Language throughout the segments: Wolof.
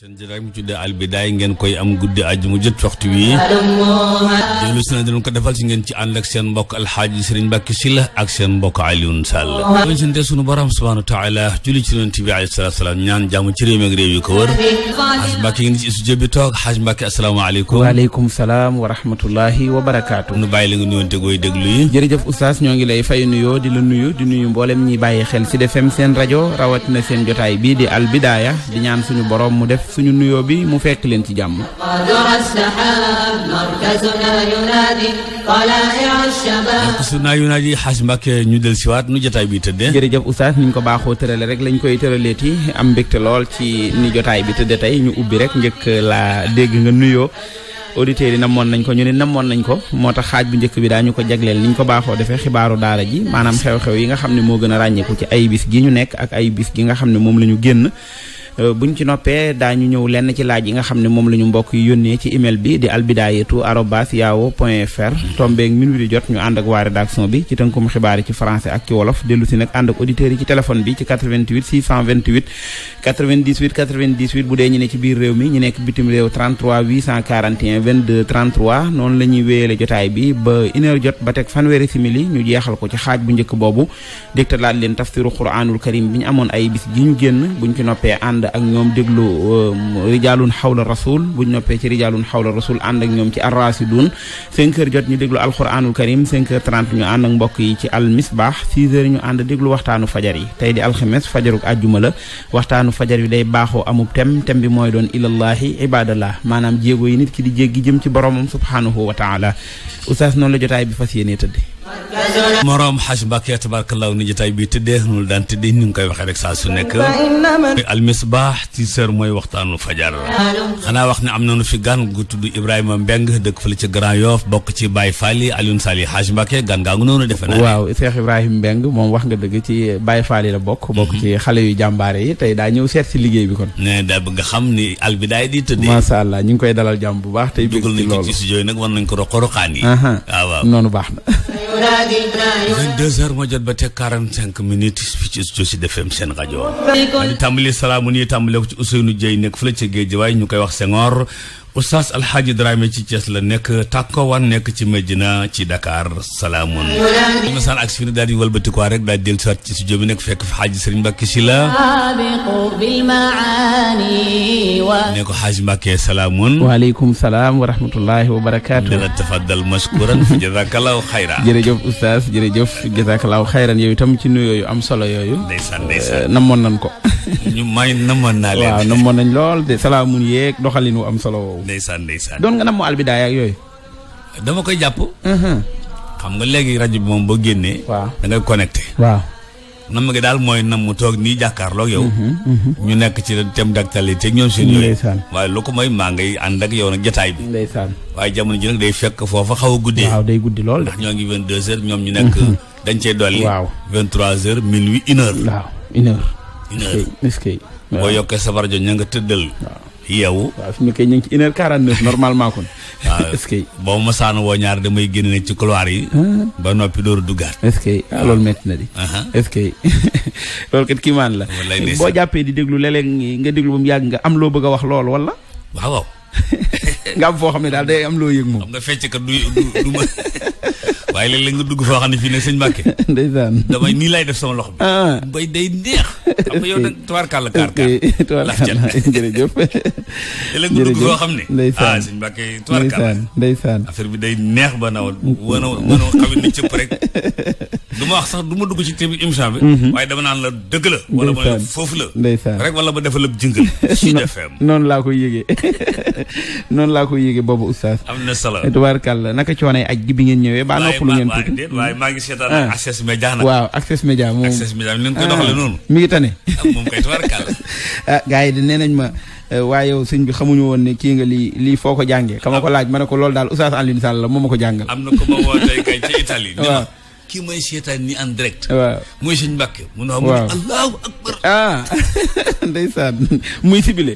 seen jëraay mu tuddee albidaay ngeen koy am guddi aju mu jot waxtu wi jëlu si na dinañ ko defal si ngeen ci ànd ak seen mbokk alxaaji sëriñ Mbàkke Sylla ak seen mbokk Alioune Sall doon sante sunu borom subhaanahu wa taala julli ci yonent bi alayhi salaatu salaam ñaan jàmm ci réew mi ak réew yu ko wër xaaj Mbàkke ngi ci studio bi toog xaaj Mbàkke asalaamaaleykum waaleykum salaam wa rahmatullahi wa barakaatu nu bàyyi la nga nuyonte gooy déglu yi jërëjëf oustaz ñoo ngi lay fay nuyoo di la nuyu di nuyu mboolem ñi bàyyi xel si defem seen rajo rawatina seen jotaay bii di albidaaya di ñaan suñu borom mu def suñu nuyo bi mu fekk leen ci jàmm markazuna yunaadi xaaj Mbàkke ñu del siwaat nu jotaay bi tëddee jërëjëf oustaz niñ ko baaxoo tërale rek lañ koy tëraleeti am mbégte lool ci ni jotaay bi tëddee tey ñu ubbi rek njëkk laa dégg nga nuyoo auditeurs yi namoon nañ ko ñu ne namoon nañ ko moo tax xaaj bu njëkk bi ñu ko jagleel niñ ko baaxoo defee xibaaru daara ji maanaam xew-xew yi nga xam ne moo gën a ràññeeku ci ay bis gi ñu nekk ak ay bis gi nga xam ne moom la ñu génn Euh, buñ ci noppee daañu ñëw lenn ci laaj yi nga xam ne moom la ñu mbokk yi yónnee ci email bi di albidayetu arobas yahoo point fr mm-hmm. tombeeg minuit di jot ñu ànd ak waa rédaction bi ci tënkum xibaar yi ci français ak ci wolof dellu si ànd ak auditeurs yi ci téléphone bi ci bu dee ñu ne ci biir réew mi ñu nekk bitim réew noonu la ñuy jotaay bi ba une heure jot ba teg fanweeri simili ñu jeexal ko ci xaaj bu njëkk boobu dégtalaat leen tafsiru quranul ak ñoom déglu euh, rijalun xawla rasul buñ noppee ci rijalun xawla rasul ànd ñoom ci arrasidun 5 heures jot ñu déglu alquranul karim 5 heures 30 ñu ànd ak mbokk yi ci almisbah 6 heures ñu ànd déglu waxtaanu fajar yi tey di alxemes fajaruk àjjuma la waxtaanu fajar yi day baaxoo amub tem tem bi mooy doon ilallahi ibadallah maanaam jéego yi nit ki di jéggi jëm ci boromam subhanahu wa taala oustaz noonu la jotaay bi fas yéenee tëdd moroom xaj Mbàkke tabarakallahu ni jotaay bi tëddee nul daan tëddee ni nga koy waxee rek saa su nekk almisbaax ci sër mooy waxtaanu fajar xanaa wax ne am nañu fi gan gu tudd Ibrahima Mbeng dëkk la ci Grand Yoff bokk ci Baye Fall yi Alioune Sall yi xaj Mbàkke gan ngaa ngi noonu defe naa waaw Cheikh Ibrahima Mbeng moom wax nga dëgg ci Baye Fall bokk bokk ci mhm. xale yu jàmbaare yi tey daa ñëw seet si liggéey bi kon ne daa bëgg xam ni al bi daay di tëddee masha Allah ñu ngi koy dalal jàmm bu baax tey dugal nañ ko ci studio nag war nañ ko roqoroqaan yi waaw waaw noonu baax na 22 heures moo jot ba teg 45 minutes fii ci studio Sud FM seen rajo. di tàmbali salaamu nii tàmbale ko ci Ousseynou Dieye nekk fële ca géej waaye ñu koy wax Senghor. Oustaz Alhaji Dramé ci Thiès la nekk tàkkowan nekk ci Medina ci Dakar salaamun masaan ak si fi ne daal di walbati ko rek daal di dellu siwaat ci studio bi nekk fekk fi Xaaji Sëriñ Mbàkke si la ne ko Xaaji Mbàkke salaamun waaleykum salaam wa rahmatullahi wa barakaatu dana tafaddal mashkuran fa jazakallahu xayra jërëjëf Oustaz jërëjëf jazakallahu xayran yow itam ci nuyoo yu am solo yooyu ndeysaan ndeysaan eh, namoon nañ ko ñu may namoon naa leen waaw namoon nañ lool de salaamun yeeg doxalin wu am solo waaw ndeysaan ndeysaan doon nga nam mu albidaaya ak yooyu dama koy jàpp uh-huh. xam nga léegi rajo bi moom boo génnee waaw da ngay connecté waaw gi daal mooy nam mu toog nii jàkkaarloog yow uh-huh, uh-huh. ñu nekk ci thème d'actualité ñoom seen yooyu waaye lu ko mooy maa ngay ànd ak yow nag jataay bi ndeysaan waaye jamono ji nag day fekk foofa xaw a guddee day guddi lool ndax ñoo ngi vingt deux heures ñoom ñu nekk dañ cee dolli waaw vingt trois heures minuit une heure waaw une heure boo yokkee sa rajo ña nga tëddal yow waaw fi mu kay ñu ngi ci une heure quarante neuf normalement kon. waaw est-ce que. boobu woo ñaar damay génn nag ci couloir yi. Ah. ba noppi door a duggaat. est-ce que ah loolu métti na di. est-ce loolu kat kii maan la. boo jàppee di déglu léeg-léeg nga déglu ba mu yàgg nga am loo bëgg a wax lool wala. waaw waaw. nga am foo xam ne daal day am loo yëg moom. xam nga fecc kat du du ma. waaye léeg-léeg nga dugg foo xam ne fii ne sëñ Mbàkke ndeysaan damay nii lay def sama loxo bi ah. bay day neex xam nga yow nag tubaarkàlla kaar nga dugg foo xam ne ndeysaan ah sëñ Mbàkke tubaarkàlla ndeysaan affaire bi day neex ba nawal wana wana xamit ni cëpp rek du ma wax sax du ma dugg ci émission bi. Mhm. waaye dama naan la dëgg la. wala ma foofu la. ndeysaan rek wala ma defal ak jëngal. Sud noonu laa ko yéege noonu laa ko yëgee boobu oustaz. am na solo tubaarkàlla naka coonay aj gi bi ngeen ñëwee. baa noppalu ngeen waaye maa ngi seetaan ah. access média nag. waaw access média moom access média ni nga ah. noonu. mi ngi tane. Ah, moom yi di nee nañ ma. Eh, waaye yow bi xamuñu woon ne kii nga lii lii foo ko jàngee. xam nga ko laaj ma ne ko loolu daal oustaz Alioune Sall la moom ma ko jàngal. am na ko ma kii mooy seetaan ni en direct. waaw mooy sëñ Mbàkke. mu ne waaw allahu akbar. ah ndeysaan muy sibile.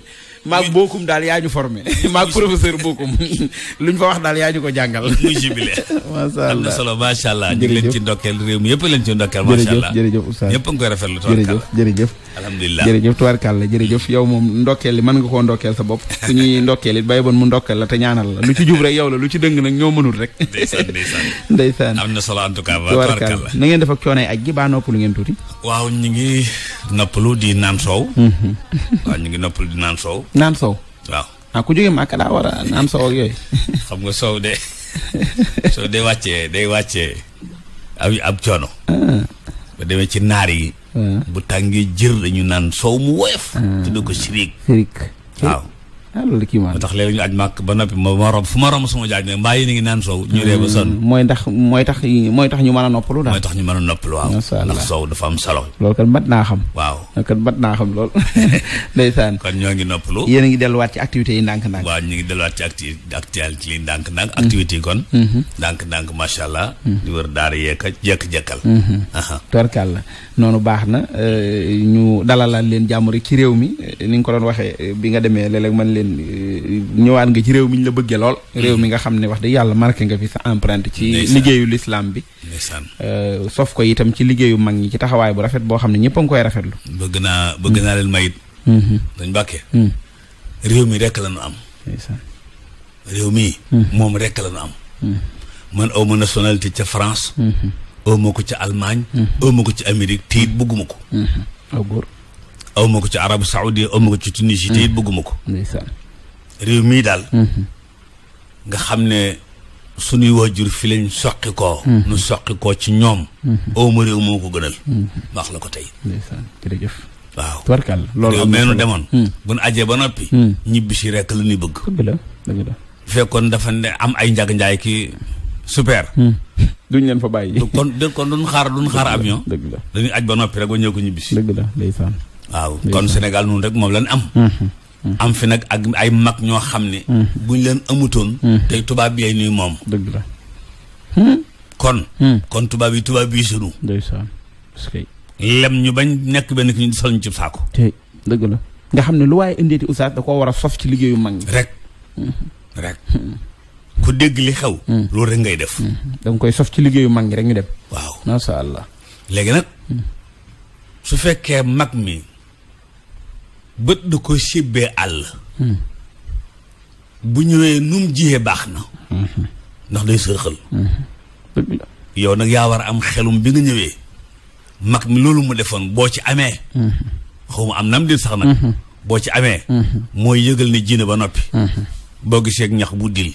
maag bokkum daal yaa ñu formé maag professeur bokkum luñ fa wax daal yaa ko jàngal muy jubilé macha allah am na solo macha allah ci ndokkeel réew yëpp leen ci ndokkeel macha allah jërëjëf oustaz a ngi koy rafetlu jërëjëf jërëjëf alhamdulilah jërëjëf tubaarkàlla jërëjëf yow moom ndokkeel li mën nga koo ndokkeel sa bopp suñuy ndokkeel it bay bon mu ndokkeel la te ñaanal lu ci jub rek yow la lu ci dëng nag ñoo mënul rek ndeysaan ndeysaan ndeysaan am na solo en tout cas tubaarkàlla na ngeen def ak coono aj gi baa noppalu ngeen tuuti waaw ñu ngi noppalu di naan soow mhm. ñu ngi noppalu di naan soow naan soow. waaw ah ku jógee Màkka daa war a naan soow ak yooyu. xam nga soow de soo day wàccee day wàccee ab ab coono. Ah. ba demee ci naar yi. Ah. bu tàngee jër dañu naan soow mu woyof. Ah. tudd ko sirik. sirik waaw. ah tax léegi ak aj màkk ba noppi moo ma fu ma romb suma jaaj ne mbaa yi ni ngi naan soow ñu ree ba sonn mm, mooy ndax mooy tax mooy tax ñu mën a noppalu daal mooy tax ñu mën a noppalu waaw ndax soow dafa am solo loolu kat mat naa xam kon bat naa xam lool ndeysaan kon ñoo ngi noppalu yéen a ngi delluwaat ci activités yi ndànk-ndànk waaw ñu ngi delluwaat ci acti actualité yi ndànk-ndànk mm-hmm. activités yi kon mm-hmm. ndànk-ndànk macha allah mm-hmm. di wër daara yeeka jekk-jekkal tubarkàlla noonu baax na euh, ñu dalalaat leen jàmm rek ci réew mi euh, ni nga ko doon waxee euh, bi nga demee léeg man leen ñëwaat nga ci réew mi ñu la bëggee lool réew mi nga xam ne wax dëgg yàlla marqué nga fi sa empreinte ci liggéeyu lislaam bi Euh, sof ko itam ci liggéeyu mag ñi ci taxawaay bu rafet boo xam ne ñëpp a ngi koy rafetlu. bëgg naa bëgg naa leen mayit dañ mm-hmm. bàkkee mm. réew mi rekk la nu am réew mi mm. moom rekk la nu am mm. man aw ma nationalité ca France mm-hmm. aw ma ko ca Allemagne mm-hmm. aw ko ci Amérique te bëgguma ko aw góor aw ko ca Arab Saoudi aw ko ci Tunisie te bëgguma ko réew mii daal nga xam ne suñuy waajur fi lañ soqi koo hmm. nu soqi ko ci ñoom hmm. awma réew moo ko gënal hmm. wax la ko tey jërëjëf waaw tubarkàlla loolu réew meenu demoon bu nu ajee ba noppi ñibbi si rekk la ñuy bëgg dëgg la dëgg fekkoon dafa ne am ay njag njaay ki super duñ leen fa bàyyi kon de kon duñ xaar duñ xaar avion dëgg la dañuy aj ba noppi rek ba ñëw ko ñibbisi dëgg la ndeysaan waaw kon Sénégal noonu rek moom lañ am am fi nag ak ay mag ñoo xam ne. Hmm. buñ leen amutoon. Hmm. tey tubaab yi nuy moom. dëgg la. Hmm. kon. kon tubaab yi tubaab yi sunu. ndeysaan lem ñu bañ nekk benn ki ñu sol ñu ci saako. tey dëgg la nga xam ne lu waaye indeeti oustaz da koo war a sof ci liggéeyu mag ñi. rek rek. ku dégg li xew. loolu rek ngay def. da koy sof ci liggéeyu mag ñi rek ñu dem. waaw macha allah. léegi nag su fekkee mag mi. bët da ko sibbee àll hmm. bu ñëwee num jiyee baax na hmm. ndax day sërxal hmm. yow nag yaa war a am xelum bi nga ñëwee mag mi loolu mu defoon boo ci amee xaw ma am nam din sax nag boo ci amee mooy yëgal ne jiina ba noppi boo gisee ak ñax bu dil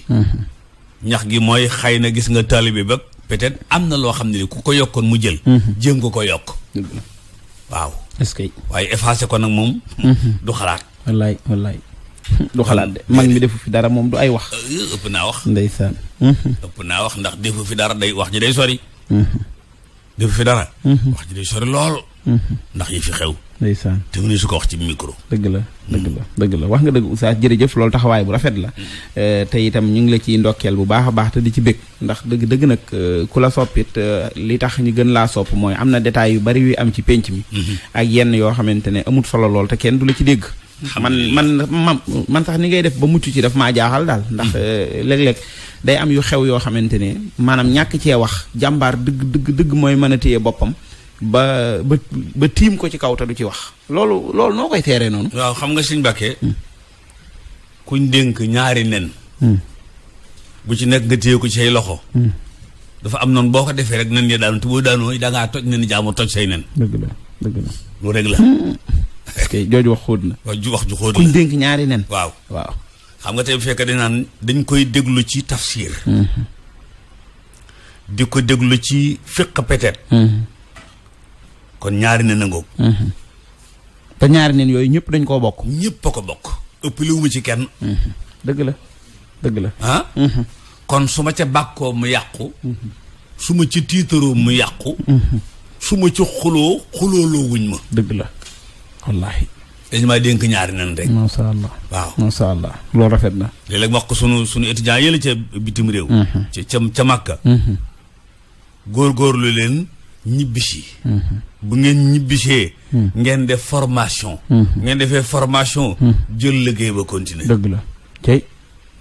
ñax gi mooy xëy na gis nga taalibe ba peut-être am na loo xam ne ku ko yokkoon mu jël jéem ko ko yokk waaw est-ce que waaye effacé ko nag moom. Mhm. du xalaat. wallaay wallaay du xalaat de mag mi defu fi dara moom du ay wax. Euh, ëpp naa wax. ndeysaan. Mhm. ëpp naa wax ndax defu fi dara day wax ji day sori. Mhm. defu fi dara. wax ji day sori lool. ndax yi fi xew. ndeysaan te mu ne su ko wax ci micro. dëgg la mm. dëgg la dëgg la wax nga dëgg Oustaz jërëjëf loolu taxawaay bu rafet la. Mm. Eh, te itam ñu ngi la ciy ndokkeel bu baax a baax te di ci bëgg ndax dëgg dëgg nag eh, ku la soppit eh, li tax ñu gën laa sopp mooy am na détails yu bari yu am ci pénc mi. Mm-hmm. ak yenn yoo xamante ne amut solo lool te kenn du la ci dégg. man man man man sax ni ngay def ba mucc ci daf maa jaaxal daal. ndax mm. léeg-léeg day am yu xew yoo xamante ne maanaam ñàkk cee wax jàmbaar dëgg dëgg dëgg mooy mën a téye boppam ba ba ba tiim ko ci kaw te du ci wax loolu loolu noo koy teeree noonu. waaw xam nga Sëñ Mbàkke. Hmm. kuñ dénk ñaari nen. Hmm. bu ci nekk nga téye ko ci say loxo. Hmm. dafa am noonu boo ko defee rek nen ya daanu te boo daanoo da ngaa toj nen jaamu toj say nen. dëgg la dëgg lu rek la. jooju wax xóot na. wax ju wax kuñ dénk ñaari nen. waaw waaw. xam nga tey bu fekkee dañ naan dañ koy déglu ci tafsir. di ko déglu ci fiq peut kon ñaari nen a ngoog mhm. te ñaari nen yooyu ñëpp dañ koo bokk ñëpp ko bokk ëpp liwu ma ci kenn mhm. dëgg la dëgg la ah mhm. kon su ma ca bàkkoo mu yàqu su ma ci tiitaroo mu yàqu su ma ci xuloo xulooloo wuñ ma dëgg la wallaahi dañu maa dénk ñaari nen rek macha allah waaw macha allah loo rafet na léeg-léeg wax ko sunu sunu étudiant yële ca bitim réew ca ca ca màkka góorgóorlu leen ñibbisi bu ngeen ñibbisee. Hmm. ngeen def formation. Hmm. ngeen defee formation. Hmm. jël liggéey ba continuer. dëgg la tey.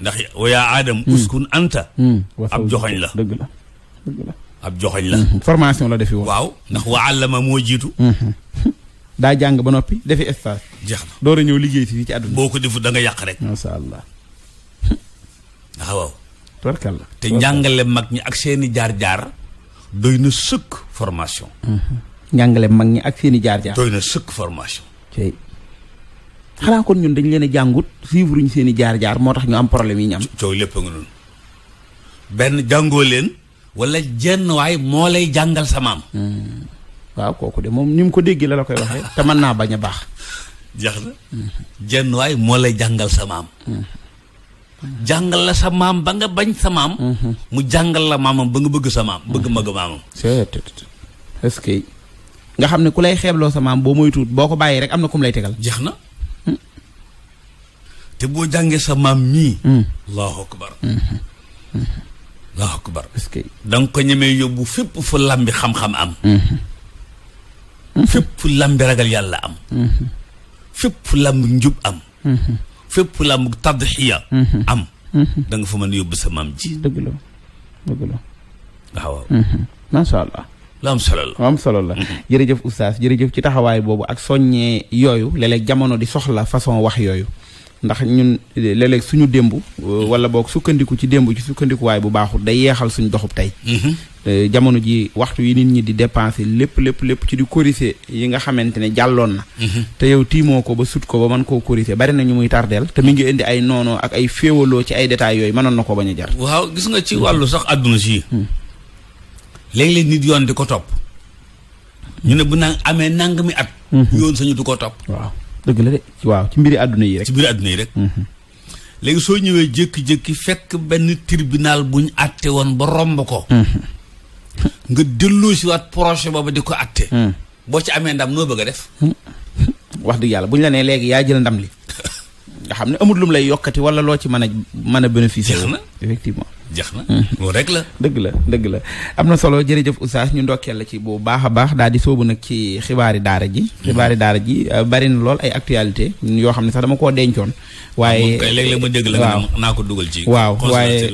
ndax wayaa aadam uskun anta. ab joxoñ la dëgg la ab joxoñ la. formation la defi woon. waaw ndax wa allama moo jiitu. daa jàng ba noppi defi stage. jeex na door a ñëw liggéey si fii ci àdduna. boo ko defu da nga yàq rek. macha allah. waaw. tubarkalla te njàngale mag ñi ak seeni jaar-jaar doy na sëkk formation. njàngale mag ñi ak seeni jaar jaar. doy na sëkk formation. tey xanaa kon ñun dañ leen a jàngut suivre ñu seen i jaar jaar moo tax ñu am problème yi ñu am. coow lépp nga noonu benn jàngoo leen walla jenn waay moo lay jàngal sa maam. Hmm. waaw kooku de moom ni ko déggee la la koy waxee te mën naa bañ a baax. jeex na jenn waay moo lay jàngal sa maam. Hmm. jàngal la sa maam ba nga bañ sa maam. Hmm. mu jàngal la maamam ba nga bëgg sa maam. bëgg mag maamam. est nga xam ne ku lay xeebloo sa maam boo moytuwut boo ko bàyyi rek am na kum lay tegal. jeex na. Hmm. te boo jàngee sa maam mii. Hmm. allahu akbar. Hmm. allahu akbar. que da ko ñemee yóbbu fépp fu làmbi xam-xam am. fépp làmbi ragal yàlla am. fépp làmbi njub am. fépp fu làmbi tadxiya am. da nga fa mën yóbbu sa maam ji. dëgg la dëgg la. waaw. macha lu am solo la lu am solo la mm-hmm. jërëjëf oustaz jërëjëf ci taxawaay boobu ak soññee yooyu léeg-léeg jamono di soxla façon wax yooyu ndax ñun léeg-léeg suñu démb euh, wala boog sukkandiku ci démb ci sukkandikuwaay bu baaxul day yeexal suñu doxub tey mm-hmm. euh, jamono ji waxtu yi nit ñi di dépenser lépp lépp lépp ci di corriger yi nga xamante ne jàlloon na mm-hmm. te yow tiimoo ko ba sut ko ba mën koo corriger bari na ñu muy tardeel te mi ngi indi ay noonoo ak ay féewaloo ci ay détails yooyu manoon na ko bañ a jar léegi léeg nit yoon di ko topp ñu ne bu nang amee nang mi at. Mhm. yoon sañu du ko topp. waaw dëgg la de waaw ci mbiri àdduna yi rek. ci mbiri àdduna rek. Mhm. léegi soo ñëwee jékki-jékki fekk benn tribunal bu ñu woon ba romb ko. Mhm. nga delloo si waat projet boobu di ko àtte. boo ci amee ndam noo bëgg a def. wax dëgg yàlla bu ñu la nee léegi yaa jël ndam li. nga xam ne amul lum lay yokkati wala loo ci mën a mën a bénéficier. effectivement. jeex na mm-hmm. loolu rek la dëgg la dëgg la am na solo jërëjëf oustaz ñu ndokkeel la ci bu baax a baax daal di soobu nag ci xibaari daara ji mm-hmm. xibaari daara ji euh, bari na lool ay actualité yoo xam ne sax dama koo dencoon waaye kay léeg-léeg ma dégg la nga naa ko dugal ci waaw waaye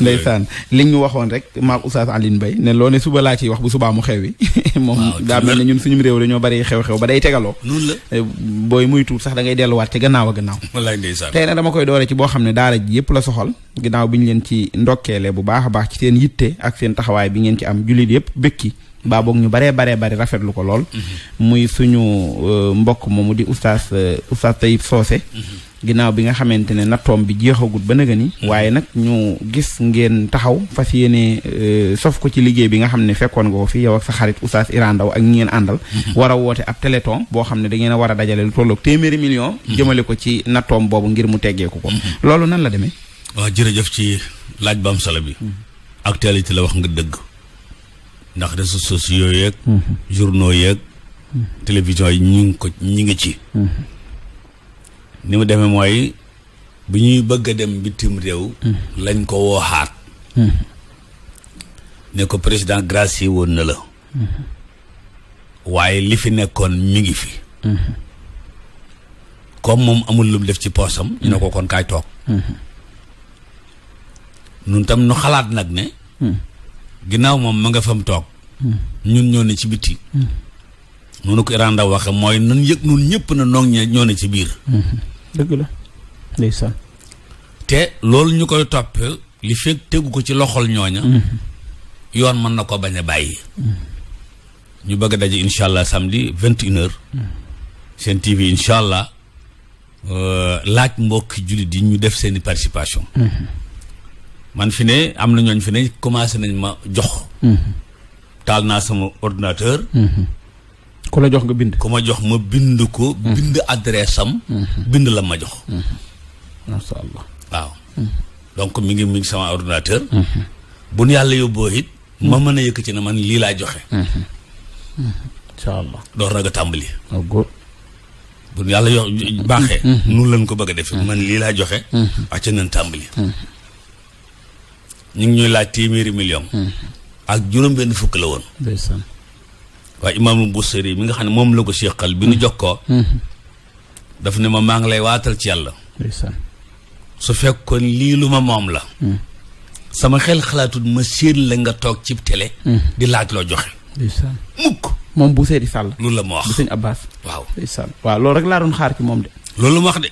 ndeysaan li ñu waxoon rek maak oustaz Alioune Mbaye ne loo ne suba laa ci wax bu subaa mu xew yi moom daa mel ne ñun suñu réew dañoo bari xew-xew ba day tegaloo noonu la eh, booy muy tuut sax da ngay delluwaat ci gannaaw a gannaaw wallaay ndeysaan tey nag dama koy doore ci boo xam ne daara ji yëpp la soxal ginnaaw bi ñu leen ci ndokkeele bu baax a baax ci seen yitte ak seen taxawaay bi ngeen ci am jullit yëpp bëkki baa boog ñu baree baree bari rafetlu ko lool mm-hmm. muy suñu euh, mbokk mu di oustaz euh, oustaz Tayib Socé mm-hmm. ginnaaw bi nga xamante ne nattoom bi jeexagut ba nëga ni mm-hmm. waaye nag ñu gis ngeen taxaw fas yéene euh, sof ko ci liggéey bi nga xam ne fekkoon nga ko fi yow ak sa xarit oustaz Iran Ndaw ak ngeen àndal war a woote ab teleton boo xam ne da ngeen a war a dajale lu tolloog million jëmale ko ci nattoom boobu ngir mu teggeeku ko loolu nan la demee waaw jërëjëf ci laaj ba am solo bi. Mm-hmm. actualité la wax nga dëgg. ndax réseaux sociaux yeeg. Mm-hmm. journaux yeeg. Mm-hmm. télévision yi ñu ngi ko ñu ngi ci. ni mu demee mooy bu ñuy bëgg a dem bitim réew. lañ ko wooxaat. ne ko président gracié woon na la. waaye li fi nekkoon mu ngi fi. comme moom amul lu mu def ci poosam. ñu ne ko kaay toog. nun tam nu xalaat nag ne hmm. ginnaaw moom ma nga fam toog hmm. ñun ñoo ne ci bitti hmm. nunu ko Iran Ndao waxe mooy nun yëg nun ñëpp na noog ñe ñoo ne ci biir dëgg la ndeysaan te loolu ñu koy topp li fekk tegu ko ci loxol ñooña yoon mën na ko bañ a bàyyi ñu bëgg a daje incha allah samedi vingt une heure seen TV incha euh, laaj mbokki jullit yi ñu def seeni participation man fi ne am na ñooñ fi ne commencé nañ ma jox. Mhm. taal naa sama ordinateur. Mhm. ku la jox nga bind. ku ma jox ma bind ko. Mhm. bind adresse am. bind la ma jox. macha allah waaw. donc mi ngi mi sama ordinateur. bu nu yàlla yóbboo it. ma mën a yëkk ci ne man lii laa joxe. incha allah door na oh, nu yàlla yo baaxee. nun lañ ko bëgg a defee. man lii laa joxe. waa ca nañ tàmbali. ñu ngi ñuy laaj téeméeri million hmm. ak juróom benn fukk la woon waaye imaamul Busiri mi nga xam ne moom la ko séqal bi nga jox ko daf ne ma maa ngi lay waatal ci yàlla su fekkoon lii lu ma moom la hmm. sama xel xalaatut ma séen la nga toog ci télé hmm. di laaj loo joxe mukk moom Busiri Sàll loolu la ma wax bu sëñ Abbas waaw waaw loolu rek laa doon xaar ci moom de loolu la ma wax de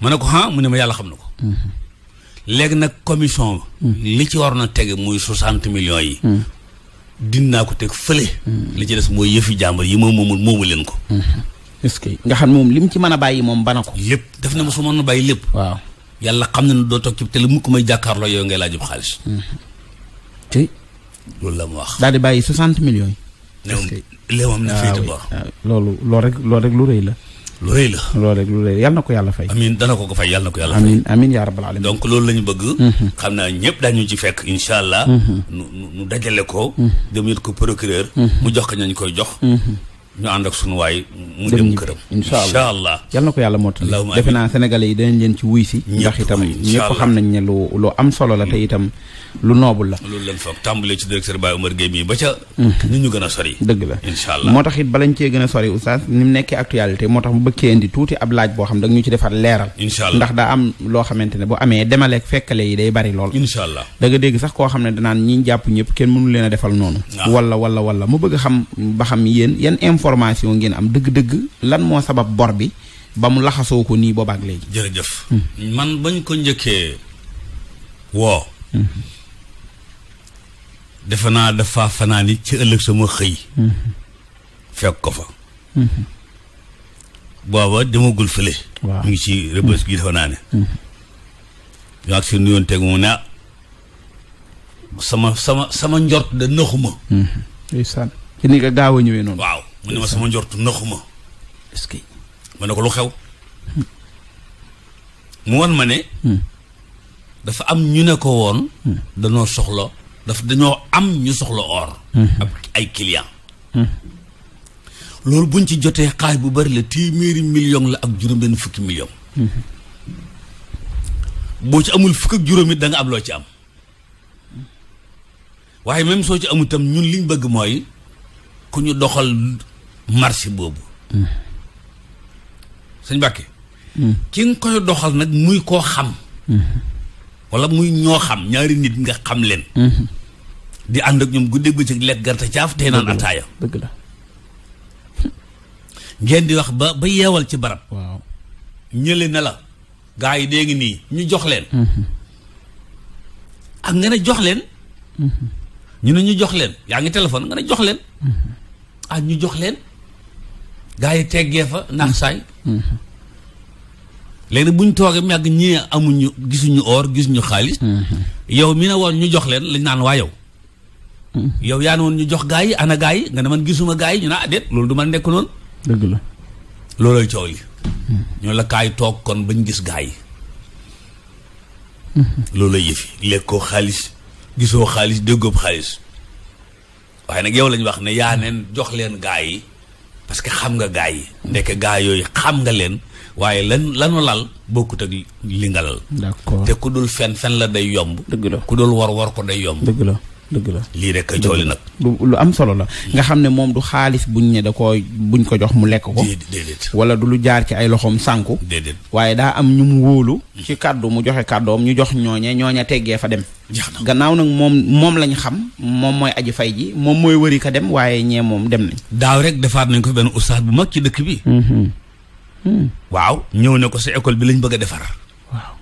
ma ne ko ah mu ne ma yàlla xam na ko léegi nag commission li ci war na teg muy soixante millions yi hmm. naa ko teg fële hmm. li ci des mooy yëfi jàmbur yi ma moomul moomu leen ko hmm. est que nga xam moom li mu ci mën a bàyyi moom bana ko lépp def na ma su man na bàyyi lépp waaw yàlla xam na ne doo toog ci télé mukk may jàkkaarloo yooyu ngay laajub xaalis te loolu la mu wax daal bàyyi soixante millions yi léegi moom na féete ah ah loolu loolu rek loolu rek lu rëy la lu rëy la loolu rek lu na ko yàlla fay amin dana ko ko fay yàlla na ko yàlla fay amin amin yaa rabbal alamin donc loolu la ñu bëgg mhm. xam naa ñëpp daañu ci fekk incha allah mhm. nu dajale ko mhm. dem yit ko procureur mu jox ko ñañ koy jox ñu ànd ak sunu waay mu dem këram incha allah yal ko yàlla moo mootali defe naa senegale yi danañ leen ci wuy si ndax itam ñëpp xam nañ ne lu lu am solo la te itam lu noobul la. loolu lañ foog tàmbalee ci directeur Baye Omar Gueye mii ba ca. Mhm. nit ñu gën a sori. dëgg la incha allah moo tax it balañ cee gën a sori oustaz ni mu nekkee actualité moo tax mu bëggee indi tuuti ab laaj boo xam da ñu ci defar leeral. incha allah daa loo xamante ne bu amee demaleek fekkale yi day bari lool. incha allah da nga dégg sax koo xam ne danaan ñi jàpp ñëpp kenn mënu leen a defal noonu. wala wala wala mu bëgg xam ba xam yéen yan information ngeen am dëgg-dëgg lan moo sabab bor bi ba mu laxasoo ko nii boobaak léegi. jërëjëf hmm. man bañ ko njëkkee woo hmm. defe naa dafa fanaan yi ci ëllëg sama xëy fekk ko fa booba demagul fële mu ngi ci rëbës gi ne ñoo ak si sama sama sama njort da naxuma ndeysaan sama njort naxuma ma ne ko hmm. dafa am ñu ne ko woon hmm. danoo soxla daf dañoo am ñu soxla or. Mhm. ak ay client mhm. loolu buñ ci jotee xaaj bu bari la téeméeri million la ak juróom-benn fukki million mhm. boo ci amul fukk ak juróom it am loo ci am waaye même soo ci amul itam ñun liñ bëgg mooy ku ñu doxal marché boobu. sëñ Mbàkke ki nga koy doxal nag muy koo xam. wala muy ñoo xam ñaari nit nga xam leen. Mm-hmm. di ànd ak ñoom guddeeg bëccëg lekk gerte caaf tey naan ataaya. dëgg la ngeen di wax ba ba yeewal ci barab. waaw ñële na la. gaa yi dee ngi nii ñu jox leen. Mm-hmm. ak nga ne jox leen. Mm-hmm. ñu ne ñu jox leen yaa ngi téléphone nga ne jox leen. ak ah, ñu jox leen. gaa yi teggee fa naax saay. léegi bu ñu toogee mu yàgg ñii amuñu gisuñu or gisuñu xaalis. Mm-hmm. yow mi ne woon ñu jox leen lañ naan waa yow. Mm-hmm. yow yaa ne woon ñu jox gaa yi ana gaa yi nga ne man gisuma gaa yi ñu naan ah, déet loolu du ma nekk noonu. dëgg la loolooy mm-hmm. ñoo la toog kon bañ gis gaa yi. loolooy yëfi lekkoo xaalis gisoo xaalis déggoob xaalis waaye nag yow lañ wax ne yaa neen jox leen gaa yi parce que xam nga gaa yi. ndekk gaa yooyu xam nga leen. waaye lan lanu lal bokkut ak li nga lal d'accord te ku dul fen fen la day yomb dëgg la ku dul war war ko day yomb dëgg la dëgg la lii rek a jooli nag lu am solo la nga xam ne moom du xaalis bu buñ ne da ko buñ ko jox mu lekk ko déedéet wala du lu jaar ci ay loxoom sànku déedéet waaye daa am ñu mu wóolu ci kàddu mu joxe kàddoom ñu jox ñooñe ñooña teggee fa dem gannaaw nag moom moom lañ xam moom mooy aji fay ji moom mooy wëri ka dem waaye ñee moom dem nañ daal rek defaat nañ ko benn ustaas bu mag ci dëkk bi mm-hmm. Hmm. waaw ñëw ne ko si école bi lañ bëgg a defar. waaw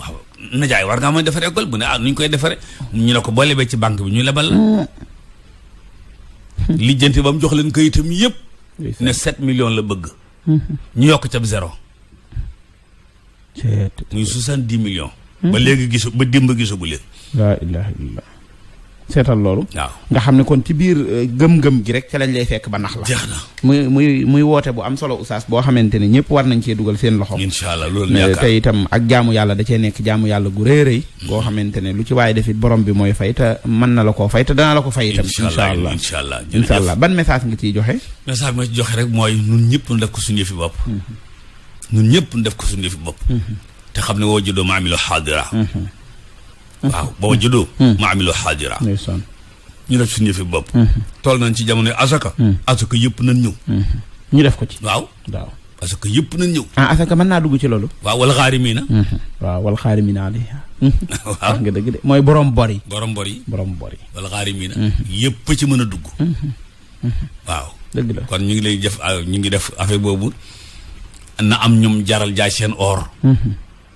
waaw najaay war ngaa mën defar école bu ne ah nuñ koy defaree ñu ne ko boo lebee ci banque bi ñu lebal la. Hmm. lijjanti ba mu jox leen kayitam yëpp. ne sept millions la bëgg. Hmm. ñu yokk ca zéro. muy soixante dix million ba léegi gisu ba dimb gisagu leen. laa ilaaha illallaah. seetal loolu. nga xam ne kon ci biir euh, gëm-gëm gi rek ca lañ lay fekk ba nax la. jeex na muy muy muy woote bu am solo oustaz boo xamante ne ñëpp war nañ cee dugal seen loxo. incha allah loolu yaakaar te itam ak jaamu da cee nekk jaamu yàlla gu rëy rëy. boo mm-hmm. xamante ne lu ci waaye defit borom bi mooy fay te mën na la koo fay te dana la ko fay itam. incha allah incha allah incha ban message nga ciy joxe. message bi ma ci joxe rek mooy nu ñëpp ñu def ko suñu yëfi bopp. Mm-hmm. ñun ñëpp def ko suñu yëfi mm-hmm. te xam ne woo juddoo maamilo xaadira waaw boo juddoo. Hmm. ma amiloo xaadira. ñu def suñu yëfi bopp. Hmm. tool nañ ci jamono asaka. Hmm. asaka yëpp nañ ñëw. ñu def ko ci. waaw waaw. parce que yëpp nañ ah, asaka mën naa dugg ci loolu. waaw wal xaarimiina. waaw wal xaarimiina ali. wax nga dëgg mooy borom bor yi. borom bor yi. borom bor yi. wal xaarimiina. yëpp ci mën a dugg. waaw. dëgg la kon ñu ngi lay def ah, ñu ngi def affaire boobu na am ñoom jaral jaay seen or.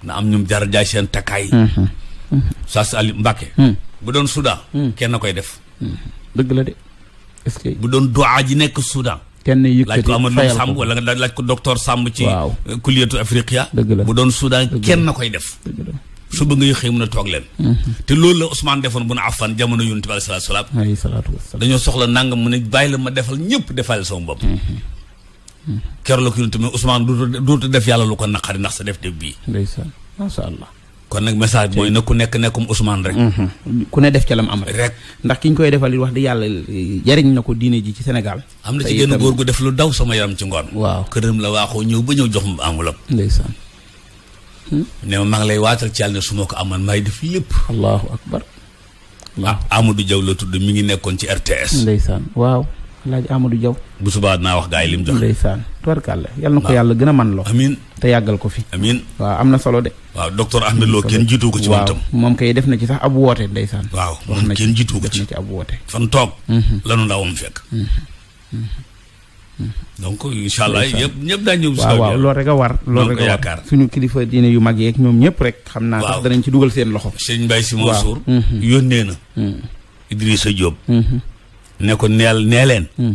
na am ñoom jaral jaay seen takkaay. Saas Ali Mbàkke hmm. bu doon Soudan. Hmm. kenn koy def. Hmm. dëgg la de est bu doon duwaa ji nekk Soudan. kenn yëkkati laaj ko Amadou Samb wala nga ko docteur Samb. ci kuliyatu euh, Afriqiya. dëgg la bu doon Soudan kenn koy def. su bëgg nga xëy mun a toog leen. te loolu la Ousmane defoon bu na Affan jamono Yonent bi alayhi salaatu a salaam. dañoo soxla nangam mu ne bàyyi la ma defal ñëpp defal sama bopp. keroog la ko Yonent bi Ousmane du def yàlla lu ko naqari ndax sa def def bii. kon nag message mooy nag ku nekk nekkum Ousmane rek. Mhm. ku ne def ca lam am rek. ndax ki ñu koy defal wax di yàlla jariñ na ko diine ji ci Sénégal. am na ci genn góor gu def lu daw sama yaram ci ngoon. waaw këram la waaxoo ñëw ba ñëw jox mu enveloppe. ndeysaan. Hmm? ne ma maa lay waatal ci yàlla ne su ma ko amoon maay def lépp. allahu akbar. amul du jaw la tudd mi ngi nekkoon ci RTS. ndeysaan waaw. laaj Amadou Diaw bu subaa naa wax gaa yi lim joxe ndeysaan tubarkàlla yal na ko yàlla gën a man loo amiin te yàggal ko fi amiin waaw am na solo de waaw docteur Ahmed loo kenn jiitu ko ci moom moom kay def na ci sax ab woote ndeysaan waaw moom kenn jiitu ko ci def na ci ab woote fan toog mhm. lanu ndawam fekk mhm. Mhm. donc incha allah yëpp ñëpp daa ñëw. waaw waaw loolu rek a war. lool rek a yaakaar suñu kilifa diine yu mag yeeg ñoom ñëpp rek. xam naa sax danañ ci dugal seen loxo. sëñ Mbaye Sy Mansour. yónnee na. Idrissa Diop. ne ko neel nee leen hmm.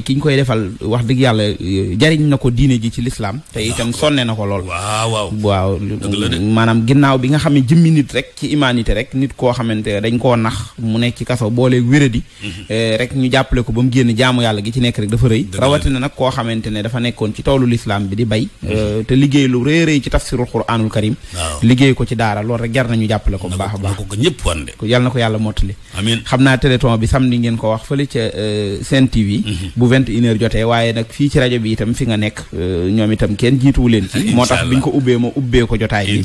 ni ki ñu koy defal wax dëgg yàlla jariñ na ko diine ji ci lislaam te itam sonne na ko lool waaw waaw waaw maanaam ginnaaw bi nga xam ne jëmmi nit rek ci humanité rek nit koo xamante dañ koo nax mu nekk ci kaso booleeg wéradi mhm. eh, rek ñu jàppale ko ba mu génn jaamu yàlla gi ci nekk rek dafa rëy rawatina nag koo xamante ne dafa nekkoon ci toolu lislaam bi di bay eh, mhm. te liggéey lu rëy rëy ci tafsirul quraanul karim liggéey ko ci daara lool rek jar ñu jàppale ko bu baax a baax yal na ko yàlla mottali amiin xam naa téléthon bi samedi ngeen ko wax fële ca eh, Sen TV mhm. vingt et jotee waaye nag fii ci rajo bi itam fi nga nekk euh, ñoom itam kenn jiituwu leen moo tax bi ñu ko ubbee ma ubbee ko jotaay bi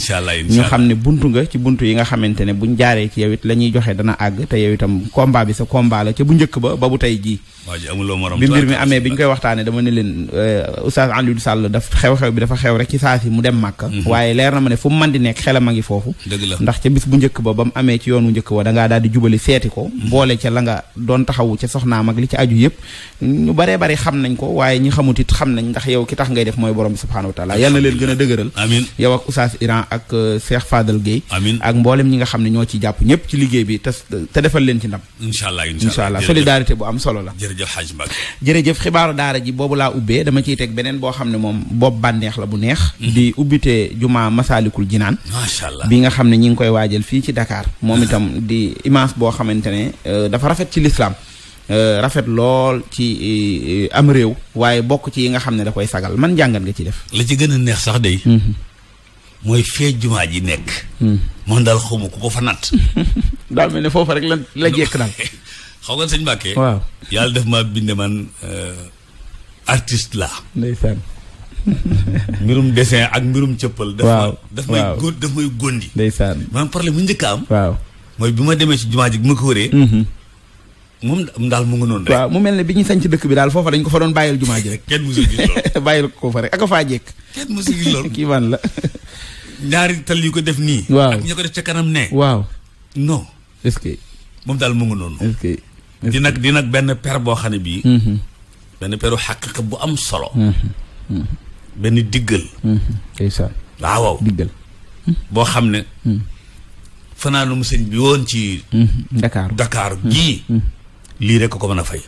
ñu xam ne buntu nga ci bunt yi nga xamante ne buñ jaaree ci yow it la ñuy joxe dana àgg te yow itam combat bi sa combat la ca bu njëkk ba ba bu tey jii waa ji amuloo morom bi mbir mi amee bi ñu koy waxtaanee dama ne leen euh, oustaz Alioune Sall daf xew-xew bi dafa xew rek ci saa si mu dem Màkka mhm. waaye leer na ma ne fu mu di nekk xelam a ngi foofu dëgg ndax ca bis bu njëkk ba ba mu amee ci yoonu njëkk ba da ngaa daal di jubali seeti ko mhm. boole ca la nga doon taxawu ca soxnaam ak li ci aju yëpp ñu bare bari xam nañ ko waaye ñi xamut xam nañ ndax yow ki tax ngay def mooy borom bi subhaanahu wa na leen gën a dëgëral amin yow ak oustaz euh, ñi nga xam ne ñoo ci jàpp ñëpp ci liggéey bi te te defal leen ci ndam incha allah incha allah solo la jërëjëf xaj Mbacke jërëjëf xibaaru daara ji boobu laa ubbee dama ciy teg beneen boo xam ne moom bopp bànneex la bu neex mhm. di ubbite jumaa masaalikul jinaan macha allah bi nga xam ne ñi ngi koy waajal fii ci dakaar moom itam di image boo xamante ne euh, dafa rafet ci lislaam euh, rafet lool ci euh, am réew waaye bokk ci yi nga xam ne da koy sagal man jàngat nga ci def la ci gën a neex sax day mhm. mooy fee jumaa ji nekk mhm. moom daal xawma ku ko fa natt daal mel ne foofa rek la la jekk daal xaw nga sëñ Mbàkke waaw yàlla def ma binde man euh, artiste la ndeysaan mbirum dessin ak mbirum cëppal waaw daf may góor daf may góndi ndeysaan maanaam problème mu njëkk am waaw mooy bi ma demee ci jumaa ji bi ma ko wëree mm-hmm. moom daal mu ngi noonu rek mu mel ne bi ñu sañ dëkk bi daal foofa dañ ko fa doon bàyyil jumaa ji rek kenn musu gis loolu bàyyil ko fa la ñaari tal yu ko def nii waaw ko ca kanam ne waaw moom daal mu ngi di nag di nag benn per boo xam ne bii mm-hmm. benn peru xaqiqa bu am solo mm-hmm. Mm-hmm. benn diggal ndeysaan waaw waaw diggal boo xam ne fanaanum sëñ bi woon ci Dakar Dakar gii lii rek ko mën a fay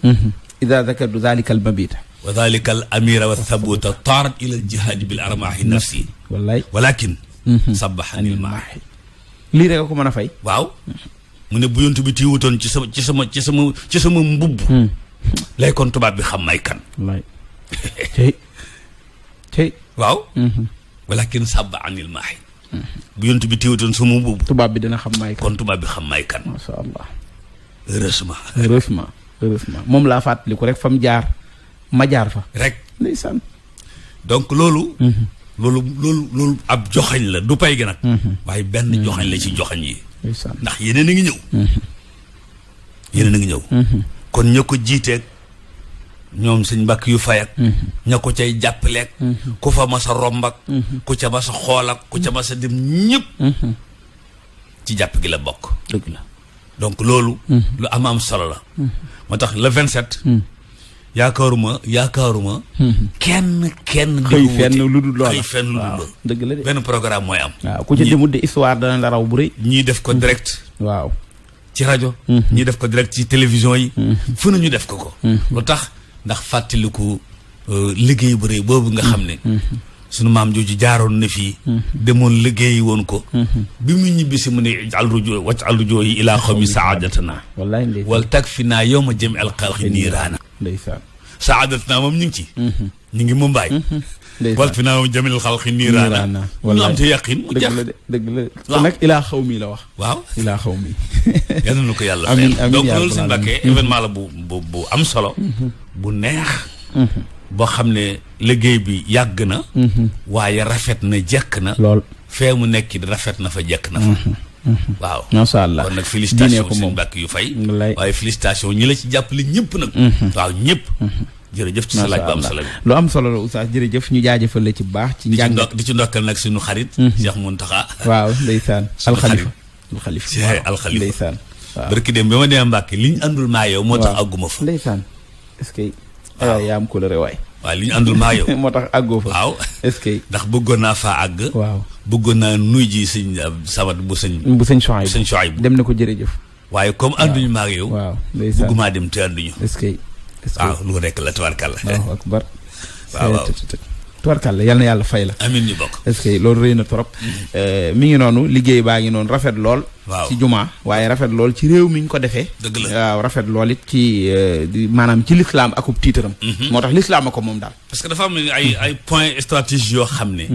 ida dakartu dalika al mabita wa dalika al amira wa thabuta tarat ila al jihaadi bil armaahi nafsi wallaay walakin sabaxanil maahi lii rek ko mën a fay waaw mu ne bu yontu bi tiiwutoon ci sama ci sama ci sama ci sama mbubb hmm. lay kon tubaab bi xam may kan tey tey waaw hmm. walakin sàbba hmm. bi tiiwutoon tubaab bi xam may kan kon tubaab bi xam may kan masha allah heureusement heureusement heureusement moom laa fàttali ko rek fa mu jaar ma jaar fa rek ndeysaan loolu loolu loolu loolu ab joxañ la du pay gi nag waaye benn joxañ la ci joxañ yi ndax yéneen a ngi ñëw mhm. yeneen ñëw mhm. kon ña ko jiiteeg ñoom sëñ mbàkk yu fay ak mhm. ña ko cay jàppaleeg ku fa mas a romb ak ku ca mas a xool ak ku ca mas a dem ñëpp ci jàpp gi la bokk dëgg donc loolu lu am am solo la moo tax le vingt yaakaaruma yaakaaruma. Hmm. kenn kenn. di xëy lu dul loola xëy dëgg la benn programme mooy am. waaw ku ci demul de histoire dana la raw bu rëy. ñii def ko hmm. direct. waaw ci rajo. Hmm. ñii def ko direct ci télévision yi. fu nañu def ko ko. lu tax ndax fàttaliku euh, liggéey bu rëy boobu nga xam ne. sunu maam jooju jaaroon na fii mhm. demoon liggéeyi woon ko mhm. bi mu ñibbisi mu ne alrujo wacc alrujo yi ilaa xaw mi saadatana wal tag fi naa yow ma jëm alxalxi niiraana ndeysaan saadatana moom ñu ngi ci mhm. ñu ngi mu mbaay wal fi naa moom jëm alxalxi niiraana ñu am te yàqin mu jeex dëgg la waaw nag ilaa xaw mi la wax waaw ilaa xaw mi yal na ko yàlla amiin amiin donc loolu suñu mbàkkee événement la bu bu bu am solo bu neex boo xam ne liggéey bi yàgg na mhm. waaye rafet na jekk na lool fee mu nekk rafet na fa jekk na fa mhm. Mhm. waaw macha allah kon nag félicitation suñu yu fay waaye félicitation ñi la ci jàppale ñëpp nag waaw ñëpp jërëjëf ci sa laaj bu am solo lu am solo la jërëjëf ñu jaajëfal la ci baax ci njàng di ci ndokkal nag suñu xarit Cheikh Mountakha waaw ndeysaan alxalifa alxalifa alxalifa ndeysaan waaw barki dem bi ma demee Mbàkke li ñu àndul maa yow moo tax àgguma fa waaw yaa am couleur waay. waaw li ñu àndul maa moo tax àggoo fa. waaw est-ce que. ndax bëggoon naa faa àgg. waaw bëggoon naa nuy ji sëñ euh, sabat bu sëñ. bu sëñ Chouaib bu sëñ Chouaib dem na ko jërëjëf. waaye comme ànduñu maa yow. waaw ndeysaan bëggumaa dem te ànduñu. est-ce ce que waaw lu ko la tabarkalla. waaw akbar. waaw. tubarkàlla yal na yàlla fay la. amiin ñu bokk est que loolu rëy na trop. Mm-hmm. Eh, mi ngi noonu liggéey baa ngi noonu rafet lool. waaw ci jumaa waaye rafet lool ci réew mi ñu ko defee. dëgg waaw rafet lool it ci eh, maanaam ci lislaam akub tiitaram. Mm-hmm. moo tax lislaam ko moom daal. parce que dafa am ay mm-hmm. ay point stratégie yoo xam ne.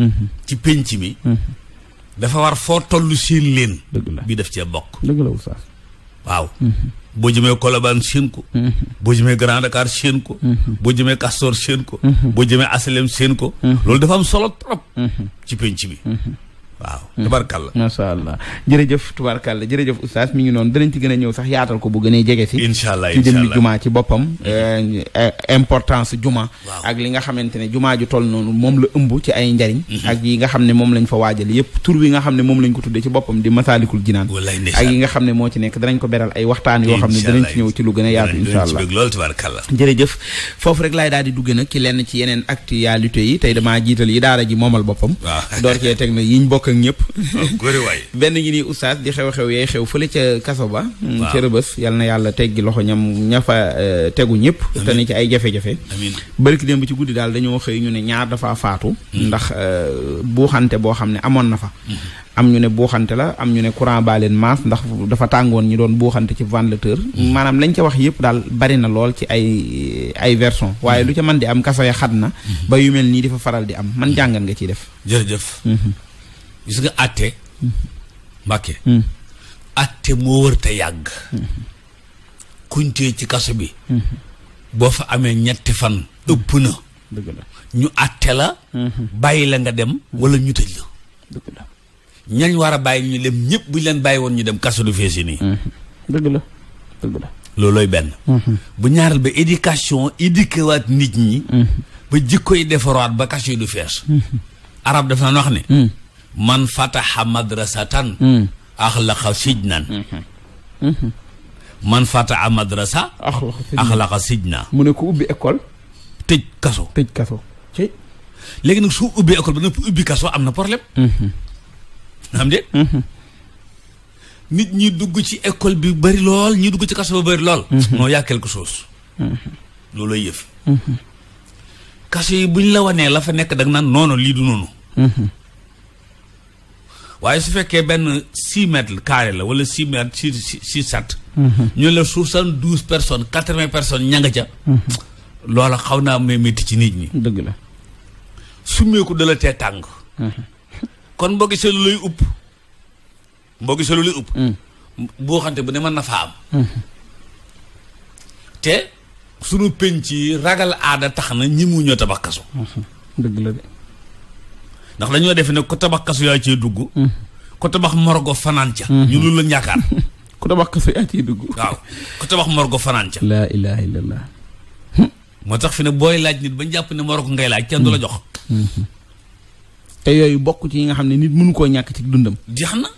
ci penc mi. dafa war foo tollu seen leen. dëgg la bi def cee bokk. dëgg la waaw. boo jëmee Colobane seen ko mm-hmm. boo jëmee grande Dakar seen ko mm-hmm. boo jëmee Castor seen ko mm-hmm. boo jëmee Asalem seen ko loolu dafa am solo trop ci penc bi waaw mm. tubaarkàlla macha allah jërëjëf tubaarkàlla jërëjëf oustaz mi ngi noonu danañ sax yaatal ko bu gën a jege si incha allah ci jëmmi juma ci boppam mm-hmm. eh, eh, ak li nga xamante ne juma ju toll noonu moom la ëmb ci ay njariñ mm-hmm. ak yi nga xam ne moom lañ fa waajal yëpp tur wi nga xam ne moom lañ ko tuddee ci boppam di masaalikul jinaan ak yi nga xam ne moo ci nekk danañ ko beral ay waxtaan yoo xam ne danañ ci lu gën a yaatu incha allah jërëjëf foofu rek laay daal di dugg nag ci lenn ci yeneen actualité yi tey damaa jiital yi daara ji moomal boppam door cee teg na yiñ bokk ak ñëpp benn ngi ni oustaz di xew-xew yay xew fële ca kaso ba mm, ca rëbës yal na yàlla teggi loxo ñam ña fa eh, tegu ñëpp te ne ci ay jafe-jafe bërki démb ci guddi daal dañoo xëy ñu ne ñaar dafa faatu mm. ndax eh, buuxante boo xam ne amoon na fa mm-hmm. am ñu ne buuxante la am ñu ne courant baa leen maas ndax dafa tàngoon ñu doon buuxante ci ventilateur mm. maanaam lañ ca wax yëpp daal bari na lool ci ay ay version mm-hmm. waaye lu ca man di am kaso ya xat na mm-hmm. ba yu mel nii di fa faral di am man jàngan nga ciy def jërëjëf gis nga àtte mbàkke àtte mm. moo wër te yàgg kuñ ci kaso bi boo fa amee ñetti fan ëpp na ñu àtte la mm-hmm. bàyyi la nga dem wala ñu tëj la ñañ war a bàyyi ñu dem ñëpp buñ leen bàyyi woon ñu dem kaso du feesi nii mm-hmm. dëgg la dëgg la loolooy benn mm-hmm. bu ñaaral ba éducation éduqué nit ñi ba jikkoy defaraat ba kaso yi du fees arab dafa naan wax ne man fataxa madrasatan hmm. axlaqa sijnan hmm. Hmm. man fataxa madrasa axlaqa sijna mu ne ku ubbi école tëj kaso tëj kaso léegi nag su ubbi école ba nag ubbi kaso am na problème am nit ñi dugg ci ecole bi bari lool ñi dugg ci kaso ba bari lool non y a quelque chose loolooy yëf kaso yi bu ñu la wanee la fa nekk da nga naan noonu lii du noonu waaye su fekkee benn six mètres carré la wala six mètres si si si sat ñu la soixante douze personne quatre vingt personnes ña nga ca loola xaw naa may métti ci nit ñi dëgg la summeeku da te tee tàng kon boo gisee lu lay upp mm. boo gisee lu upp boo bu ne mën na faa am mm. te sunu penc yi ragal aada tax na ñi mu ñoo tabax kaso mm-hmm. ndax dañoo defe ne ko tabax kasu yaa cee dugg mm. ko tabax morgo fanaan ca mm-hmm. ñu loolu la ñaakaar ko tabax kasu yaa cee dugg waaw ko tabax morgo fanaan ca laa ilaha illallah moo tax fi ne booy laaj nit bañ jàpp ne morgo ngay laaj kenn du la mm-hmm. jox mm-hmm. te yooyu bokk yi nga xam ne nit munu koo ñàkk ci dundam jeex na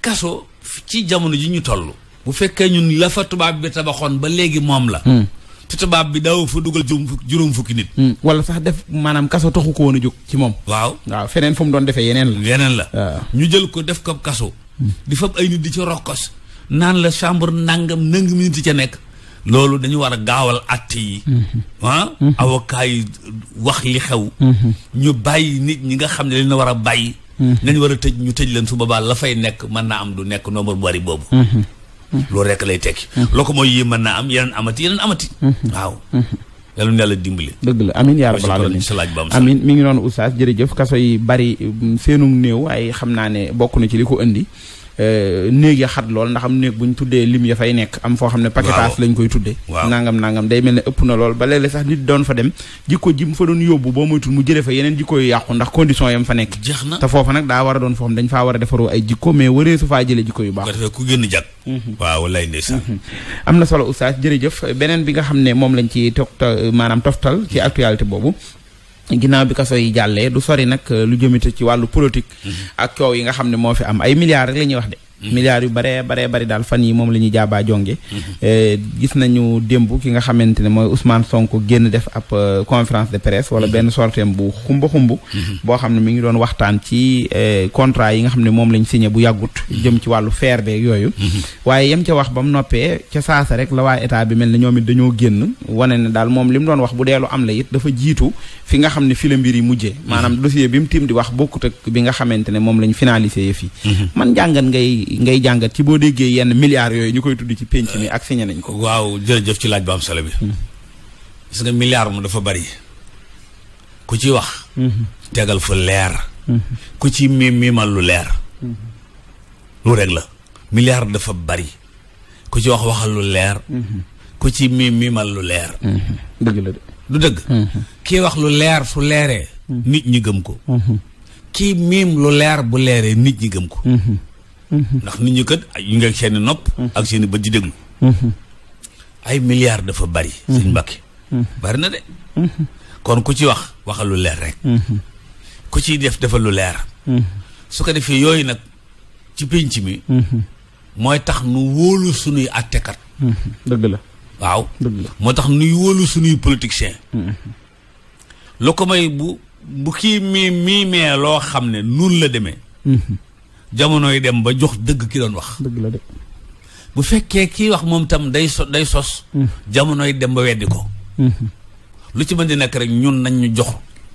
kaso ci jamono ji ñu toll bu fekkee ñun la fa tubaab bi tabaxoon ba léegi moom la mm. te tubaab bi daaw fa dugal juróom fukki nit. Hmm. wala sax def maanaam kaso taxu ko woon a jóg ci moom. waaw waaw feneen fu mu doon defee yeneen la. yeneen ah. ñu jël ko def ko kaso. Hmm. di fab ay nit di ci rokkos naan la chambre nangam nangam nit ca nekk. loolu dañu war a gaawal àtte yi. Hmm. ah avocat yi wax li xew. ñu bàyyi nit ñi nga xam ne dañu war a bàyyi. nañ war a tëj ñu tëj leen su boobaa la fay nekk mën naa am du nekk nombre bu bari boobu. loolu rek lay tekki. Mhm. loo ko mooy yi mën naa am yeneen amati yeneen amati. Mhm. waaw. Mhm. yàlla na yàlla dimbali. dëgg la amiin yaa rabbal aalamiin amiin mi ngi noonu oustaz jërëjëf kaso yi bari mm, seenum néew ay xam naa ne bokk na ci li ko indi. Euh, néeg ya xat lool ndax am néeg bu ñu tuddee lim ya fay nekk am foo xam ne paquetage lañ koy tuddee nangam nangam day mel ne ëpp na lool ba léeg-léeg sax nit doon fa dem jikko ji mu fa doon yóbbu boo moytul mu jëlee fa yeneen jikko yu yàqu ndax condition yam fa nekk te foofa nag daa war a doon foo xam dañ faa war a defaroo ay jikko mais waree su faa jëlee jikko yu baax ku génn jàkk mhm. waaw lay ndeysaan mhm. am na solo oustaz jërëjëf beneen bi nga xam ne moom lañ ci toog maanaam toftal ci actualité boobu ginnaaw bi kaso yi jàllee du sori nag euh, lu jëmite ci wàllu politique. Mm-hmm. a coow yi nga xam ne moo fi am ay milliards rek la wax de. Mm-hmm. milliards yu bare bare bari daal fan yi moom la ñuy jaabaa jonge mm-hmm. eh, gis nañu démb ki nga xamante ne mooy Ousmane Sonko génn def ab euh, conférence de wala mm-hmm. benn sorteem bu xumba xumb boo xam ne mi ngi doon waxtaan ci euh, contrat yi nga xam ne moom lañ signé bu yàggut jëm ci wàllu feer beeg yooyu waaye yem ca wax ba mu noppee ca saasa rek la waa état bi mel ne ñoom it dañoo génn wane ne daal moom li mu doon wax bu deelu am la it dafa jiitu fi nga xam ne fi la mbir yi mujjee maanaam dossier bi mu tiim di wax bokkut ak bi nga xamante ne moom lañ finalisé yëf yi man jàngat ngay ngay jàngat ci boo déggee yenn milliards yooyu ñu koy tudd ci penc mi euh, ak fi nañ ko. waaw jërëjëf ci laaj bu am solo bi. Hmm. gis nga milliard mu dafa bari ku ci wax. Hmm. tegal leer. Hmm. ku ci miim miimal lu leer. lu rek la milliard dafa bari ku ci wax waxal lu leer. ku ci miim miimal lu leer. dëgg du dëgg. kii wax lu leer fu leeree. nit ñi gëm ko. kii miim lu leer bu leeree nit ñi gëm ko. Mm-hmm. ndax nit ñi kat ñu ngi ak seen nopp. ak mm-hmm. seen i bët di déglu. Mm-hmm. ay milliards dafa bari. sëñ Mbàkke. bari na de. kon ku ci wax waxal leer rek. ku ciy def dafa lu leer. su ko defee yooyu nag ci pénc mi. mooy tax nu wóolu sunuy àttekat. dëgg la. waaw moo tax nuy wóolu sunuy politicien lu ko may bu bu kii mii mii mee loo xam ne nun la demee. jamonoy dem ba jox dëgg ki doon wax. dëgg bu fekkee kii wax moom tam day so day sos. Mm. jamonoy dem ba weddi ko. Mm-hmm. lu ci mën di nekk rek ñun nañ ñu jox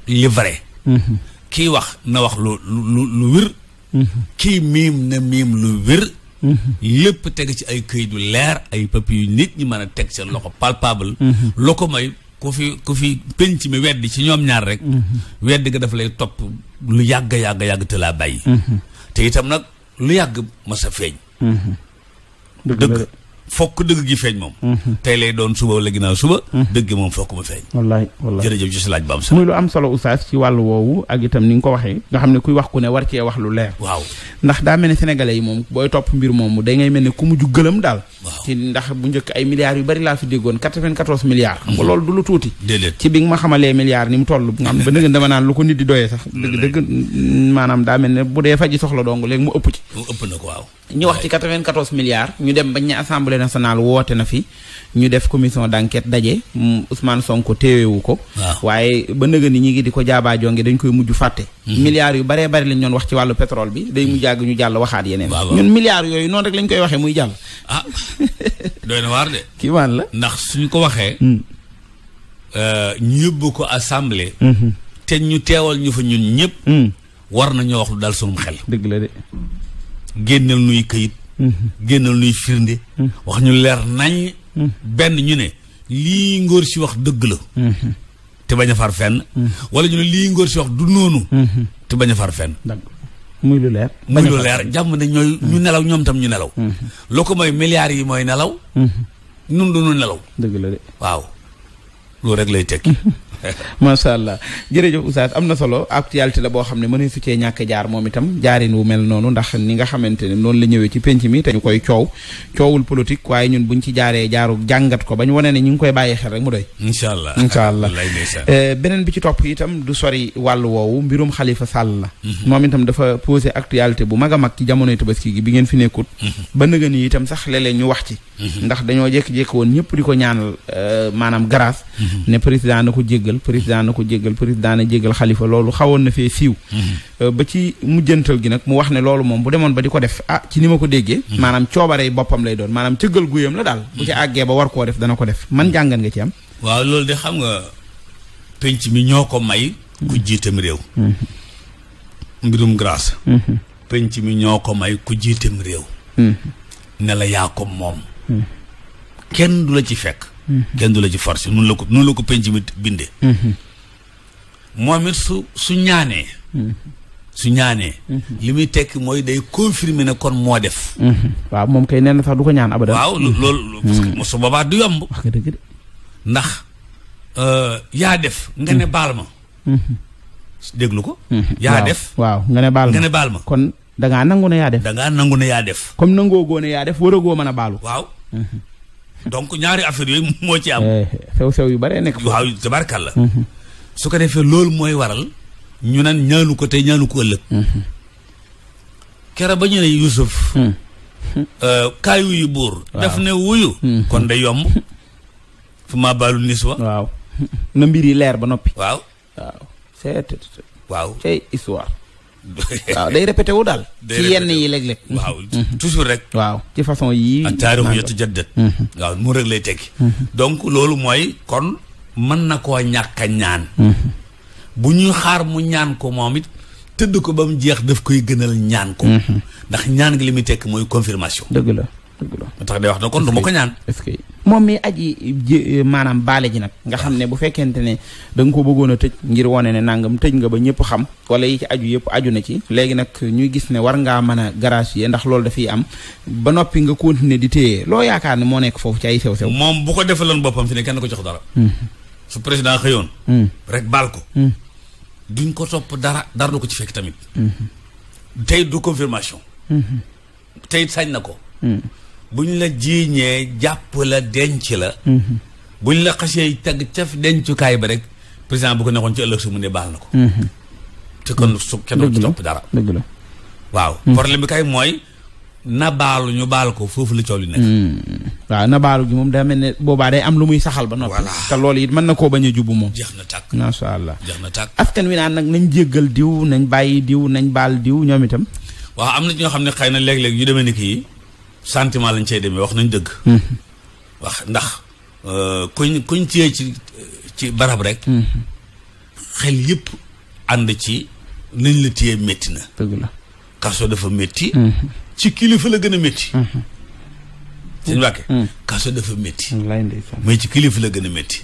li mm-hmm. kii wax na wax lu lu lu wér. Mm-hmm. kii miim na miim lu wér. lépp teg ci ay këyit yu leer ay pëpp yu nit ñi mën a teg seen loxo palpable. loo ko may ku fi ku fi penc mi weddi ci ñoom ñaar rek. weddi ga dafa lay topp lu yàgg yàgg yàgg te laa bàyyi. te itam nag lu yàgg ma sa feeñ mm-hmm. dëgg fokk dëgg gi feeñ moom mhm. tey lay doon suba wala ginnaaw suba mhm. dëgg moom fokk mu feeñ muy lu am solo oustaz ci wàllu woowu ak itam ni nga ko waxee nga xam ne kuy wax ku ne war cee wax lu leer ndax daa mel ne sénégalais yi moom booy topp mbir moomu da ngay mel ne ku mujj gëlëm daal ci ndax bu njëkk ay milliards yu bari laa fi déggoon 94 milliards xam mhm. loolu du lu tuuti ci bi ma xamalee milliards ni mu toll nga xam ba dëgg dama naan lu ko nit di doyee sax nationale woote na fi ñu def commission d'enquête daje Ousmane Sonko téewewu ko waaye ba nëga ni ñi ngi di ko jaabaa jonge dañ koy mujj fàtte mhm. milliards yu baree bari lañ doon wax ci wàllu pétrole bi day mhm. mu jàgg ñu jàll waxaat yeneen ñun milliards yooyu noonu rek lañ koy waxee muy jàll ah doy na waar de kii waan la ndax suñ ko waxee hmm. euh, ñu yóbbu ko assemblée mhm. te ñu teewal ñu fa ñun ñëpp hmm. war nañoo wax lu daal sunum xel dëgg la de génnal nuy këyit génnal nuy firnde wax ñu leer nañ benn ñu ne lii ngóor si wax dëgg la te bañ a far fenn wala ñu ne lii ngóor si wax du noonu te bañ a far fenn muy lu leer muy lu leer jàmm ne ñu mm-hmm. nelaw ñoom tam ñu nelaw mm-hmm. loo ko mooy milliards yi mooy nelaw mm-hmm. nun du nu nelaw dëgg la de waaw loolu rek lay tekki macha allah jërëjëf oustaz am na solo actualité la boo xam ne mënee su cee ñàkk jaar moom itam jaarin wu mel noonu ndax ni nga xamante ne noonu la ñëwee ci penc mi te ñu koy coow coowul politique waaye ñun buñ ci jaaree jaaru jàngat ko ñu wane ne ñu ngi koy bàyyi xel rek mu doy incha allah incha allah eh, beneen bi ci topp tam du sori wàllu woowu mbirum xalifa sàll la mhm. moom itam dafa posé actualité bu mag a mag ci jamonoy tabaski gi bi ngeen fi nekkut mhm. ba nëga ni itam sax léeg-léeg ñu wax ci mhm. ndax dañoo jékki-jékki woon ñëpp di ko ñaanal eh, maanaam grâce jéggal président na ko jéggal président na jéggal xalifa loolu xawoon na fee siiw mhm. euh, ba ci mujjantal gi nag mu wax ne loolu moom bu demoon ba di ko def ah ci ni ma ko déggee mhm. maanaam coobarey boppam lay doon maanaam cëggal guyam la daal bu ci mhm. àggee ba war koo def dana ko def man jàngan nga ci am waaw loolu de xam nga penc mi ñoo ko may ku jiitam réew mbirum grâce mi ñoo ko may yaa ko moom kenn du la ci fekk Mhm. kenn du la ci force nun la ko nun la ko penc mhm. moom it su su ñaanee mhm. su ñaanee li muy tekk mooy day confirmer ne kon moo def waaw moom kay nee sax du ko ñaan abada waaw loolu parce su boobaa du yomb wax dëgg de ndax euh, yaa def nga ne baal ma déglu ko yaa def waaw nga ne baal ma nga ne kon dangaa nangu ne yaa def dangaa nangu ne yaa def comme nangoo góone yaa def waragoo mën a baalu waaw donc ñaari affaire yooyu moo ci am. sew eh, sew yu bare nekk. waaw tabarkàlla. Mm-hmm. su ko defee loolu mooy waral ñu naan ñaanu ko tey ñaanu ko ëllëg. Mm-hmm. kere ba ñu ne Youssouf. Mm-hmm. Euh, kaay wuyu buur. daf ne wuyu. kon day yomb. fu maa baalu nis wa. waaw na mbir yi leer ba noppi. waaw waaw c'est waaw c'est histoire. waaw day répété wu daal. ci yenn yi léeg-léeg. waaw mm-hmm. toujours rek. waaw ci façon yii. ak taarix yottu jaddat mm-hmm. waaw mu rek lay tekki. Mm-hmm. donc loolu mooy kon mën na koo ñàkk ñaan. bu ñuy xaar mu ñaan ko moom it tëdd ko ba mu jeex daf koy gënal ñaan ko. ndax ñaan gi li muy tekk mooy confirmation. dëgg la. tax day wax na kon du ma ko ñaan. est-ce que moom mi aji euh, maanaam baale ji nag. nga xam ne bu fekkente ne da nga bëggoon a tëj ngir wane ne nangam tëj nga ba ñëpp xam. wala yi ci aju yëpp aju na ci. léegi nag ñuy gis ne war ngaa mën a gracier ndax loolu dafiy am ba noppi nga continuer di téye loo yaakaar ne moo nekk foofu ci ay sew sew. moom bu ko defaloon boppam fi ne kenn hmm. su président xëyoon. Hmm. baal ko. Hmm. duñ ko topp dara dara du ko ci fekk tamit. tey du confirmation. tey sañ na ko. bu ñu la jiiñee jàpp la denc la mhm. ñu la xasee teg ca dencukaay ba rek président bu ko nekkoon ci ëllëg su mu ne baal na ko mhm. te kon su kenn ci topp dara dëgg la waaw mhm. problème bi kay mooy na baalu ñu baal ko foofu la coow li nekk. waaw na baal gi moom daa mel ne boobaa day am lu muy saxal ba noppi. te loolu it mën na koo bañ a jubbu moom. jeex na tàkk macha allah. jeex na tàkk askan wi naan nag nañ jéggal diw nañ bàyyi diw nañ baal diw ñoom itam. waaw am na ñoo xam ne xëy na léeg-léeg yu demee ni kii. sentiment lañ cay demee wax nañ dëgg. wax ndax euh, kuñ kuñ téye ci barab rek. xel yëpp ànd ci nañ la téye métti na. dëgg la kaso dafa métti. Mm-hmm. ci kilifa la gën a métti. Mm-hmm. sëñ Mbàkke mm-hmm. kaso dafa métti. mais ci kilifa la gën a métti.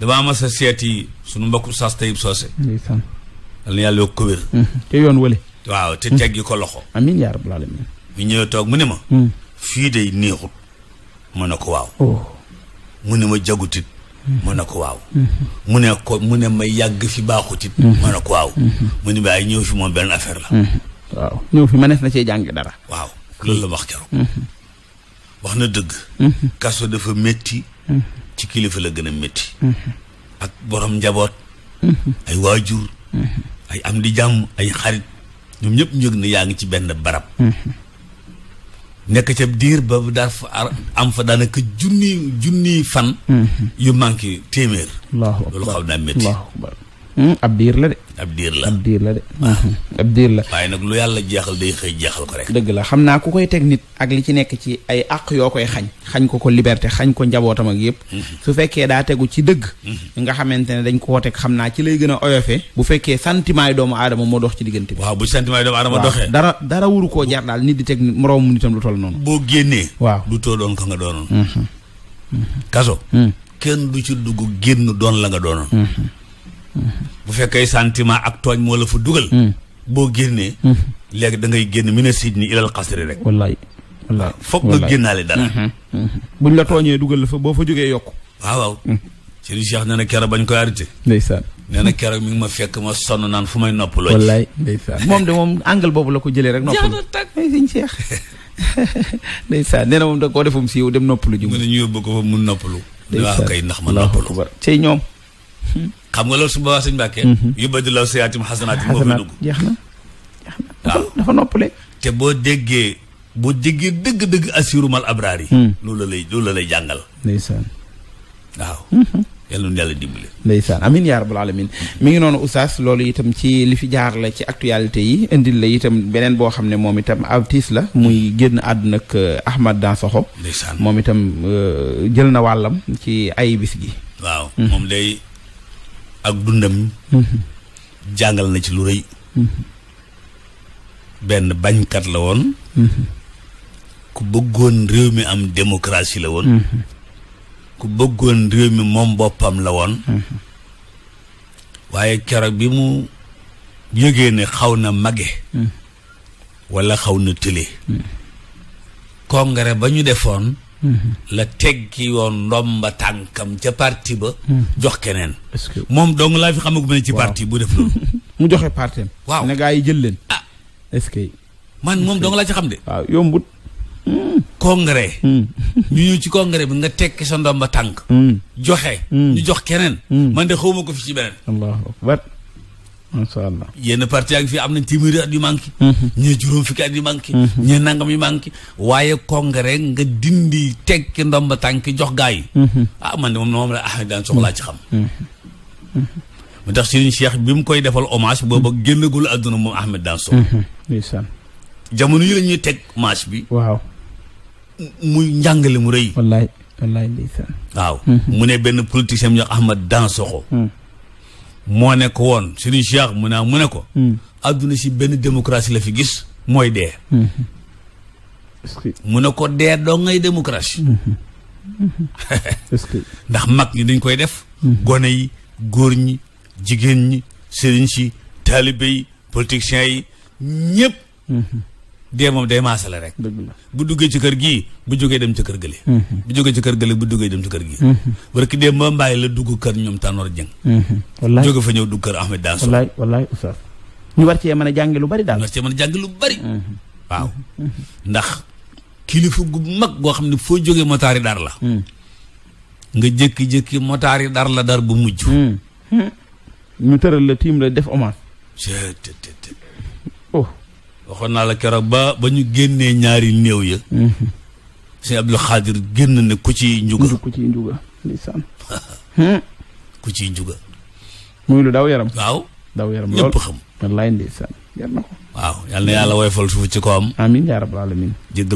damaa mas a seeti sunu mbokku Saas Tayib Soose. ndeysaan. yal yàlla yokk ko te yoon wële. waaw te teggi ko loxo. bi ñëwee toog mu ne ma. Hmm. fii day neexut ma ne ko waaw. Oh. mu ne ma jagutit ma hmm. ne ko waaw. Hmm. mu ne ko mu ne ma yàgg fi baaxutit ma ne ko waaw. mu ne ma ay ñëw fi moom benn affaire la. waaw ñëw fi ma mënees na cee jàng dara. waaw loolu la wax keroog. wax na dëgg. kaso dafa métti. ci kilifa la gën a métti. ak borom njaboot. ay waajur. ay am di jàmm ay xarit ñoom ñëpp ñu yëg yaa ngi ci benn barab. nekk ca diir ba daal fa am fa daanaka junni junni fan. Mhm. yu manqué téeméer. loolu xaw naa métti. Hmm, ab diir la de. ab diir la ab la de. Ah. Hmm, ab diir la. waaye nag lu yàlla jeexal day xëy jeexal ko rek. dëgg la xam naa ku koy teg nit ak li ci nekk ci ay àq yoo koy xañ. xañ ko ko liberté xañ ko njabootam ak yëpp. Hmm. su fekkee daa tegu ci dëgg. nga xamante ne dañ koo teg xam naa ci lay gën a oyofee. bu fekkee sentiment yi doomu aadama moo dox ci diggante bi. waaw bu sentiment yi doomu aadama doxee. dara dara wuru koo jar daal nit di teg moroomu nitam lu toll noonu. boo génnee. waaw du too doon nga doonoon. kaso. kenn ci dugg génn doon la nga bu fekkee sentiment ak tooñ moo la fa dugal. Hmm. boo génnee. Hmm. léegi da ngay génn mina sijni ilal xasri rek. wallaay wallaay foog nga génnaale dara. Hmm. buñ la tooñee dugal la fa boo fa jógee yokk waaw waaw. Serigne Cheikh nee na keroog bañ ko arrêté. ndeysaan. nee na keroog mi ngi ma fekk ma sonn naan fu may noppaloo ji. wallaay ndeysaan moom de moom angle boobu la ko jëlee rek. nopp jaaxal tàkk ay Serigne Cheikh. ndeysaan nee na moom da koo defum noppalu ji. mu ne ñu yóbbu ko fa mu noppalu. ndeysaan waaw kay ndax ma noppalu. tey ñoom. xam nga loolu su boobaa sëñ Mbàkke mhm. yubadillahu sayyi'aatihim xasanaat moo fay dugg jeex na jeex na waaw dafa noppale te boo déggee boo déggee dëgg-dëgg asirumal abraar yi hmm. loolu la lay loolu lay jàngal ndeysaan waaw mhm. yàlla na yàlla dimbali ndeysaan amin yaa rabbal alamin mi ngi noonu oustaz loolu itam ci li fi jaar la ci actualité yi indil la itam beneen boo xam ne moom itam artiste la muy génn àdduna ak eh, Ahmad Dansokho moom itam eh, jël na wàllam ci ay bis gi waaw hmm. moom day ak dundam mhm. jàngal na ci lu rëy mhm. benn bañkat la woon mhm. ku bëggoon réew mi am démocratie la woon ku bëggoon réew mi moom boppam la woon waaye keroog bi mu yëgee ni xaw na mage wala xaw na tële congrès ba ñu defoon Mm-hmm. la teggi woon ndomba tànkam ca parti ba mm-hmm. jox keneen moom dong laa fi xamagu ma ne ci parti bu def loolu mu joxe parti waaw ne gaa yi jël leen ah man moom dong laa ci xam de waaw yombut mm. congrès mm. ñu ñëw ci congrès bi nga tekki sa ndomba tànk mm. joxe ñu jox keneen man de xawma ko fi ci beneen macha yenn parti ak ngi am nañ téeméeri at yu manqué. Mhm. ñii juróom fukki at yu manqué. Mhm. ñii nangam yu manqué. waaye congrès nga dindi tekki ndomba tànk jox gaa yi. Mhm. ah man de moom moom la ah daan soxlaa ci xam. mu tax Serigne Cheikh bi koy defal hommage booba génnagul àdduna moom Ahmed Danso. ndeysaan. jamono yi la teg hommage bi. waaw. njàngale mu rëy. waaw. mu ne benn politicien bi ñu wax Ahmed Danso. moo nekk woon Serigne Cheikh mu naa mu ne ko hmm. adduna si benn démocratie la fi gis mooy dee hmm. mu ne ko dee doo ngay démocratie hmm. ndax mag ñi dañ koy def gone yi góor ñi jigéen ñi sëriñ si taalibe yi politiciens yi ñëpp dee moom day maasale rek bu duggee ci kër gii bu jógee dem ci kër gële mm-hmm. bu jógee ci kër gële bu duggee dem ci kër gii mm-hmm. barki dee ba mbaay la dugg kër ñoom Tanor Dieng mm-hmm. wallaay jóge fa ñëw dugg kër Ahmed Danso wallaay wallaay oustaz ñu war cee mën a jàngi lu bari daal la cee mën a jàngi lu bari waaw ndax kilifa gu mag goo xam ne foo jógee motaari dar la mm. nga jékki-jékki motaari dar la dar bu mujj mm. Mm. ñu tëral la tiim la def oman waxoon naa la keroog ba ba ñu génnee ñaari néew ya mhm. sëñ Abdul Xaadir génn ne ku ciy njuga ku ciy njuga hmm. njuga muy lu daw yaram waaw daw yaram lool ñëpp xam wallaay ndeysaan yar na ko waaw yal na yàlla woyfal suuf ci ko am amin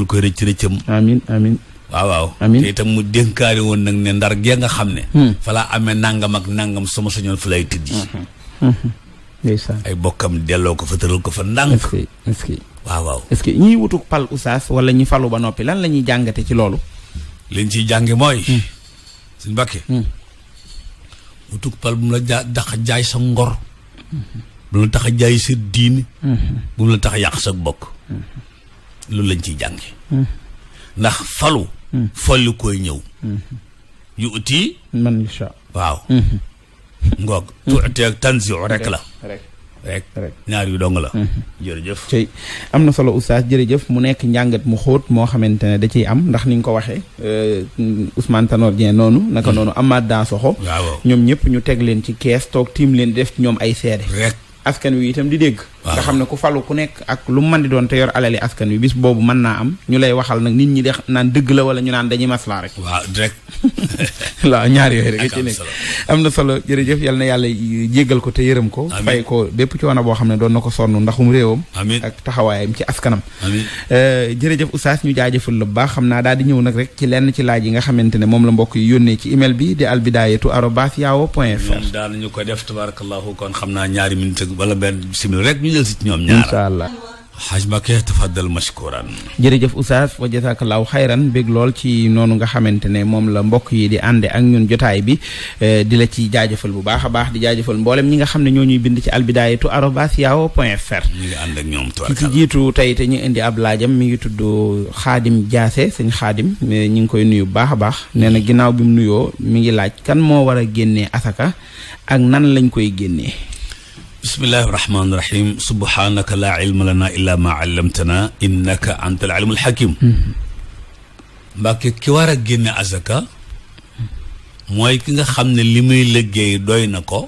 koy rëcc rëccam amin amin waaw waaw te itam mu dénkaari woon nag ne ndar gee nga xam ne hmm. falaa amee nangam ak nangam sama sañoon fu lay tëddi hmm. ay bokkam delloo ko fa tëral ko fa ndànk est-ce que waaw waaw est-ce que ñiy wutuk pal oustaz wala ñi falu ba noppi lan lañuy ñuy jàngate ci loolu liñ ci jànge mooy hmm. suñ bàkkee hmm. wutuk pal bu mu la jaa tax jaay sa ngor bu mu la tax a jaay sa diin hmm. bu tax a yàq sa bokk loolu lañ ciy jànge ndax falu folli koy ñëw yu uti waaw ngoog tuuti ak tanzio rek la rek ñaar yu dong la mhm. jërëjëf tey am na solo oustaz jërëjëf mu nekk njàngat mu xóot moo xamante ne da ciy am ndax ni nga ko waxee euh, Ousmane Tanor Dieng noonu naka mhm. noonu Amath soxo ñoom ñëpp ñu teg leen ci kees toog tiim leen def ñoom ay seede rek askan wi itam di dégg nga xam ne ku falu ku nekk ak lu mën di doon te yor alali askan wi bis boobu mën naa am ñu lay waxal nag nit ñi de naan dëgg la wala ñu naan dañuy maslaa rek waaw direct waaw ñaar yooyu rek ci nekk am na solo jërëjëf yal na yàlla jéggal ko te yërëm ko fay ko bépp coono boo xam ne doon na ko sonn ndaxum réewam ak taxawaayam ci askanam euh, jërëjëf oustaz ñu jaajëfal la bu baax xam naa daal di ñëw nag rek ci lenn ci laaj yi nga xamante ne moom la mbokk yi yónnee ci email bi di albidaayatu arobas yahoo point fr daal ñu ko def tabarakallahu kon xam naa ñaari minute wala benn simil rek ñu jël si ñoom ñaar incha allah. xaj Mbacke tafaddal mashkuran jërëjëf Oustaz wa bég lool ci noonu nga xamante ne moom la mbokk yi di ànde ak ñun jotaay bi eh, di la ci jaajëfal bu baax a baax di jaajëfal mboolem ñi nga xam ne ñoo ñuy bind ci albidaayatu arobas yahoo point fr ñu ngi ànd ak ñoom ki ci jiitu tey te ñu indi ab laajam mi ngi tudd xaadim jaase sëñ xaadim eh, ñu ngi koy nuyu bu baax a baax nee na ginnaaw bi mu nuyoo mi ngi laaj kan moo war a génnee asaka ak nan lañ koy génnee bismillahi rahmaani rahim subhaanaka laa ilma lana illaa maa allamtana innaka anta al alimul hakim mbàkke ki war a génne azaka mooy ki nga xam ne li muy liggéey doy na ko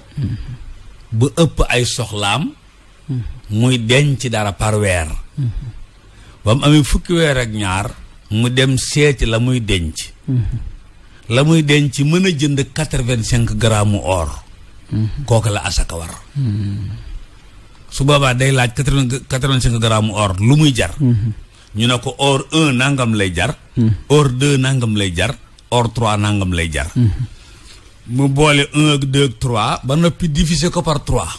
bu ëpp ay soxlaam muy denc dara par weer ba mu amee fukki weer ak ñaar mu dem seeti la muy denc la muy denc mën a jënd quatre-vingt-cinq grammes or kook la asaka war su boobaa day laaj quatre-vingt-cinq grammes or lu muy jar ñu ne ko or un nangam lay jar or deux nangam lay jar or trois nangam lay jar mu boole un ak deux ak trois ba noppi diviser ko par trois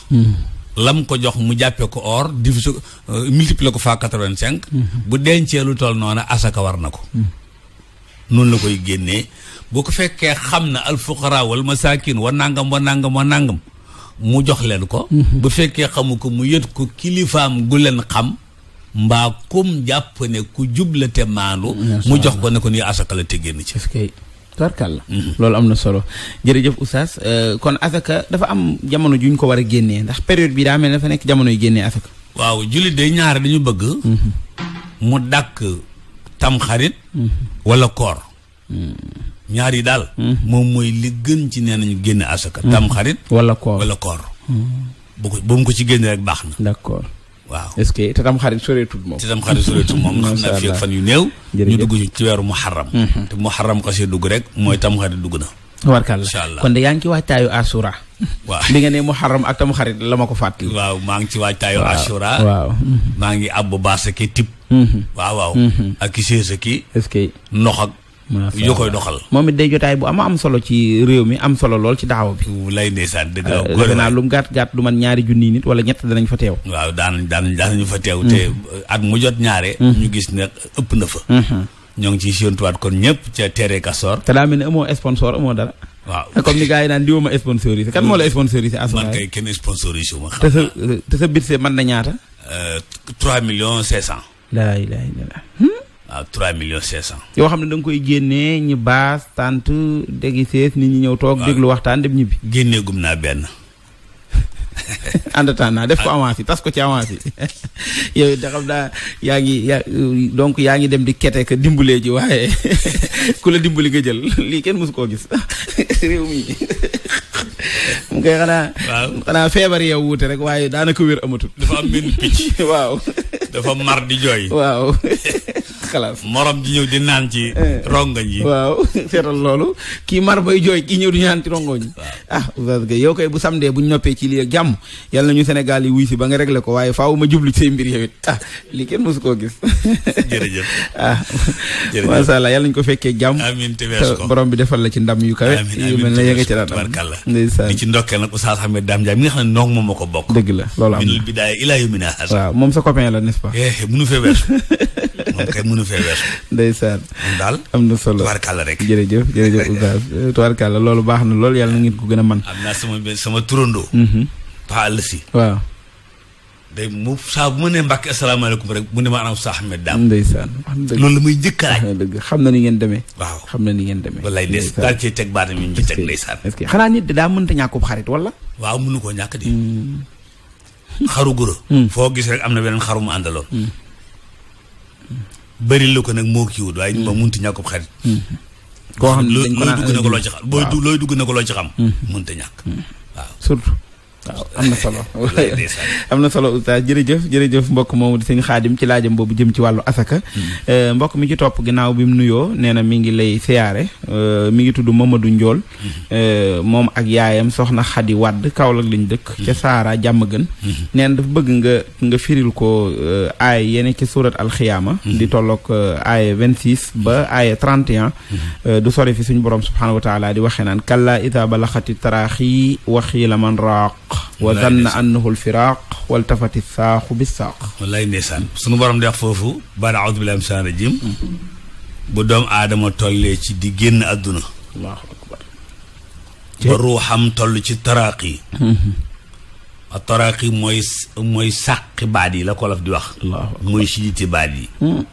lam ko jox mu jàppee ko or diviser euh, multiplier ko faa quatre-vingt-cinq bu dencee lu toll noonu asaka na ko noonu la koy génnee boo ko fekkee xam na alfuqara wal masaakin wa nangam wa nangam wa nangam mu jox leen ko. Mhm. bu fekkee xamu ko mu yët ko kilifaam gu leen xam. mbaa kum jàpp ne ku jubla te maandu. mu jox ko ne ko nii asaka la te génn ci. tarkal la mhm. loolu am na solo jërëjëf oustaz euh, kon asaka dafa am jamono juñ ko war a génnee ndax période bii daa mel ne dafa nekk jamono yu génnee asaka waaw jullit day ñaar dañu bëgg mhm. mu dàkk tamxarit wala koor ñaar yi daal. Hmm. moom mooy li gën ci nee nañu génn asaka. Hmm. tam xarit. wala koor wala koor. Hmm. bu ko bu mu ko ci génn rek baax na. d'accord waaw est-ce que te tam xarit soreetul moom. te tam xarit soreetul moom xam naa fii fan yu néew. ñu dugg ci weeru muharram. te muharram xasee dugg rek mooy tam xarit dugg na. tabarkàlla kon de yaa ngi ci waajtaayu asura waaw bi nga ne muharram ak tam la ma ko fàttali waaw maa ngi ci waajtaayu asura waaw maa ngi abbu baasa ki tib waaw waaw ak ki séesa ki est-ce que nox ak yoo koy doxal moom it day jotaay bu am am solo ci réew mi am solo lool ci daawa bi lay saa dëgg la euh, naa lu mu gàtt gàtt lu man ñaari junni nit wala ñett danañ fa teew waaw daanañ daanañ fa teew te mm-hmm. at mu mm-hmm. ñu gis ne ëpp na fa mm-hmm. ñoo ngi ciy séentuwaat kon ñëpp ca teere Kastoor te daa mel ne amoo sponsor amoo dara waaw comme ni gars yi naan diwa ma sponsorisé kan moo la sponsorisé asma man te sa te sa budget na ñaata euh, trois millions cinq cent laa ilaaha waaw trois millions cinq cent yoo xam ne danga koy génnee ñi baas tant dégg sees nit ñi ñëw toog déglu waxtaan dem ñibbi génnee gum naa benn àndataan naa def ko avance yi tas ko ci avance yi yow da xam naa yaa ngi donc yaa ngi dem di kete ka dimbalee ji waaye ku la dimbali nga jël lii kenn mosu koo gis réew mi mu koy xanaa feebar yow wuute rek waaye daanaka wér amatu dafa am benn picc waaw dafa mar di jooy waaw xalaas morom ji ñëw di naan ci eh. rongoñ yi waaw seetal loolu kii mar bay jooy kii ñëw di naan ci rongoñ yi ah oustaz Gueye bu samdee bu noppee ci lii ak jàmm yal ñu Sénégal yi wuy ba nga réglé ko waaye faaw ma jublu ci say mbir yow it ah lii kenn mosu koo gis jërëjëf ah masha Allah yal nañu ko fekkee jàmm amiin te wees borom bi defal la ci ndam yu kawe yu mel na yënga ci daan barkalla ndeysaan ci ndokkeel nag oustaz Ahmed Dame xam ne noog moom ma ko bokk dëgg la loolu am minul waaw moom sa copain la n'est-ce pas eh, mënu fee weesu. ndeysaan daal am na solo tubaarkàlla rek. jërëjëf jërëjëf oustaz tubaarkàlla loolu baax na loolu yàlla na ngeen ko gën a mën. am naa sama benn sama turandoo. Mhm. Paa Alasi. waaw. day mu saa bu ma nee mbàkk asalaamaaleykum rek mu ne ma anam sa Ahmed Dame. ndeysaan loolu la muy njëkk a laaj. dëgg xam na ni ngeen demee. waaw xam na ni ngeen demee. wallaay des daal cee teg na yi ñu ci teg ndeysaan. est-ce que xanaa nit daa mënta ñàkkub xarit wala. waaw mënu koo ñàkk di. Mm. xaru guro. Mm. foo gis rek am na beneen xaru mu àndaloon. Mm. bëri la ko nag moo kiiwut waaye moom munti ñàkkub xarit mm-hmm. koo xam ne looy dugg na ko loo ci xam booy looy dugg na ko loo ci xam mm-hmm. munta ñàkk mm-hmm. waaw surtout waaw am na solo am na solo jërëjëf jërëjëf mbokk moomu di sëñ xaadim ci laajam boobu jëm ci wàllu asaka hmm. eh, mbokk mi ci topp ginnaaw bi mu nuyoo nee na mi ngi lay siyaare eh, mi ngi tudd Mamadou Njool hmm. eh, moom ak yaayam soxna Xadi Wàdd Kaolack lañ dëkk hmm. ca Saara jàmm gën nee na bëgg nga nga firil ko aaya yene ci surat alxiyaama di tolloog aaya vingt-six ba aaya trente et du sore fi suñu borom subhaanahu wa di waxee naan kalla ida balaxati taraaxi waxii la man raaq wa zanna annahu lfiraaq waltafati saaqu bi saaq wallaay ndeysaan sunu borom di wax foofu baada audu bu doom aadama tollee ci di génn àdduna allahu akbar ba ruuxam toll ci taraaqi mm-hmm. a taraaqi mooy mooy baat yi la kolof di wax mooy siiti baat yi mm.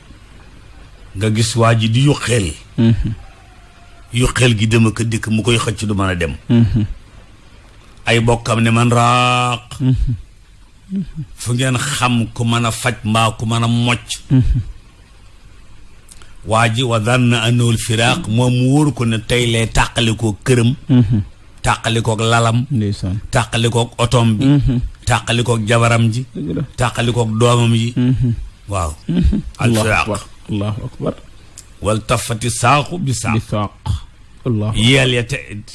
nga gis waa ji di yuqeel mm-hmm. gi dem ak dikk mu koy xëcc du mën a dem mm-hmm. ay bokkam ne man raaq mm-hmm. fu ngeen xam ku mën a faj mbaa ku mën a mocc mm-hmm. waa ji wa danna anul moom mu wóor ko ne tey lee tàqalikoo këram mm-hmm. tàqalikook lalam tàqalikook otom bi tàqalikook jabaram ji tàqalikook doomam yi waaw al wal tafati saaqu bi saaq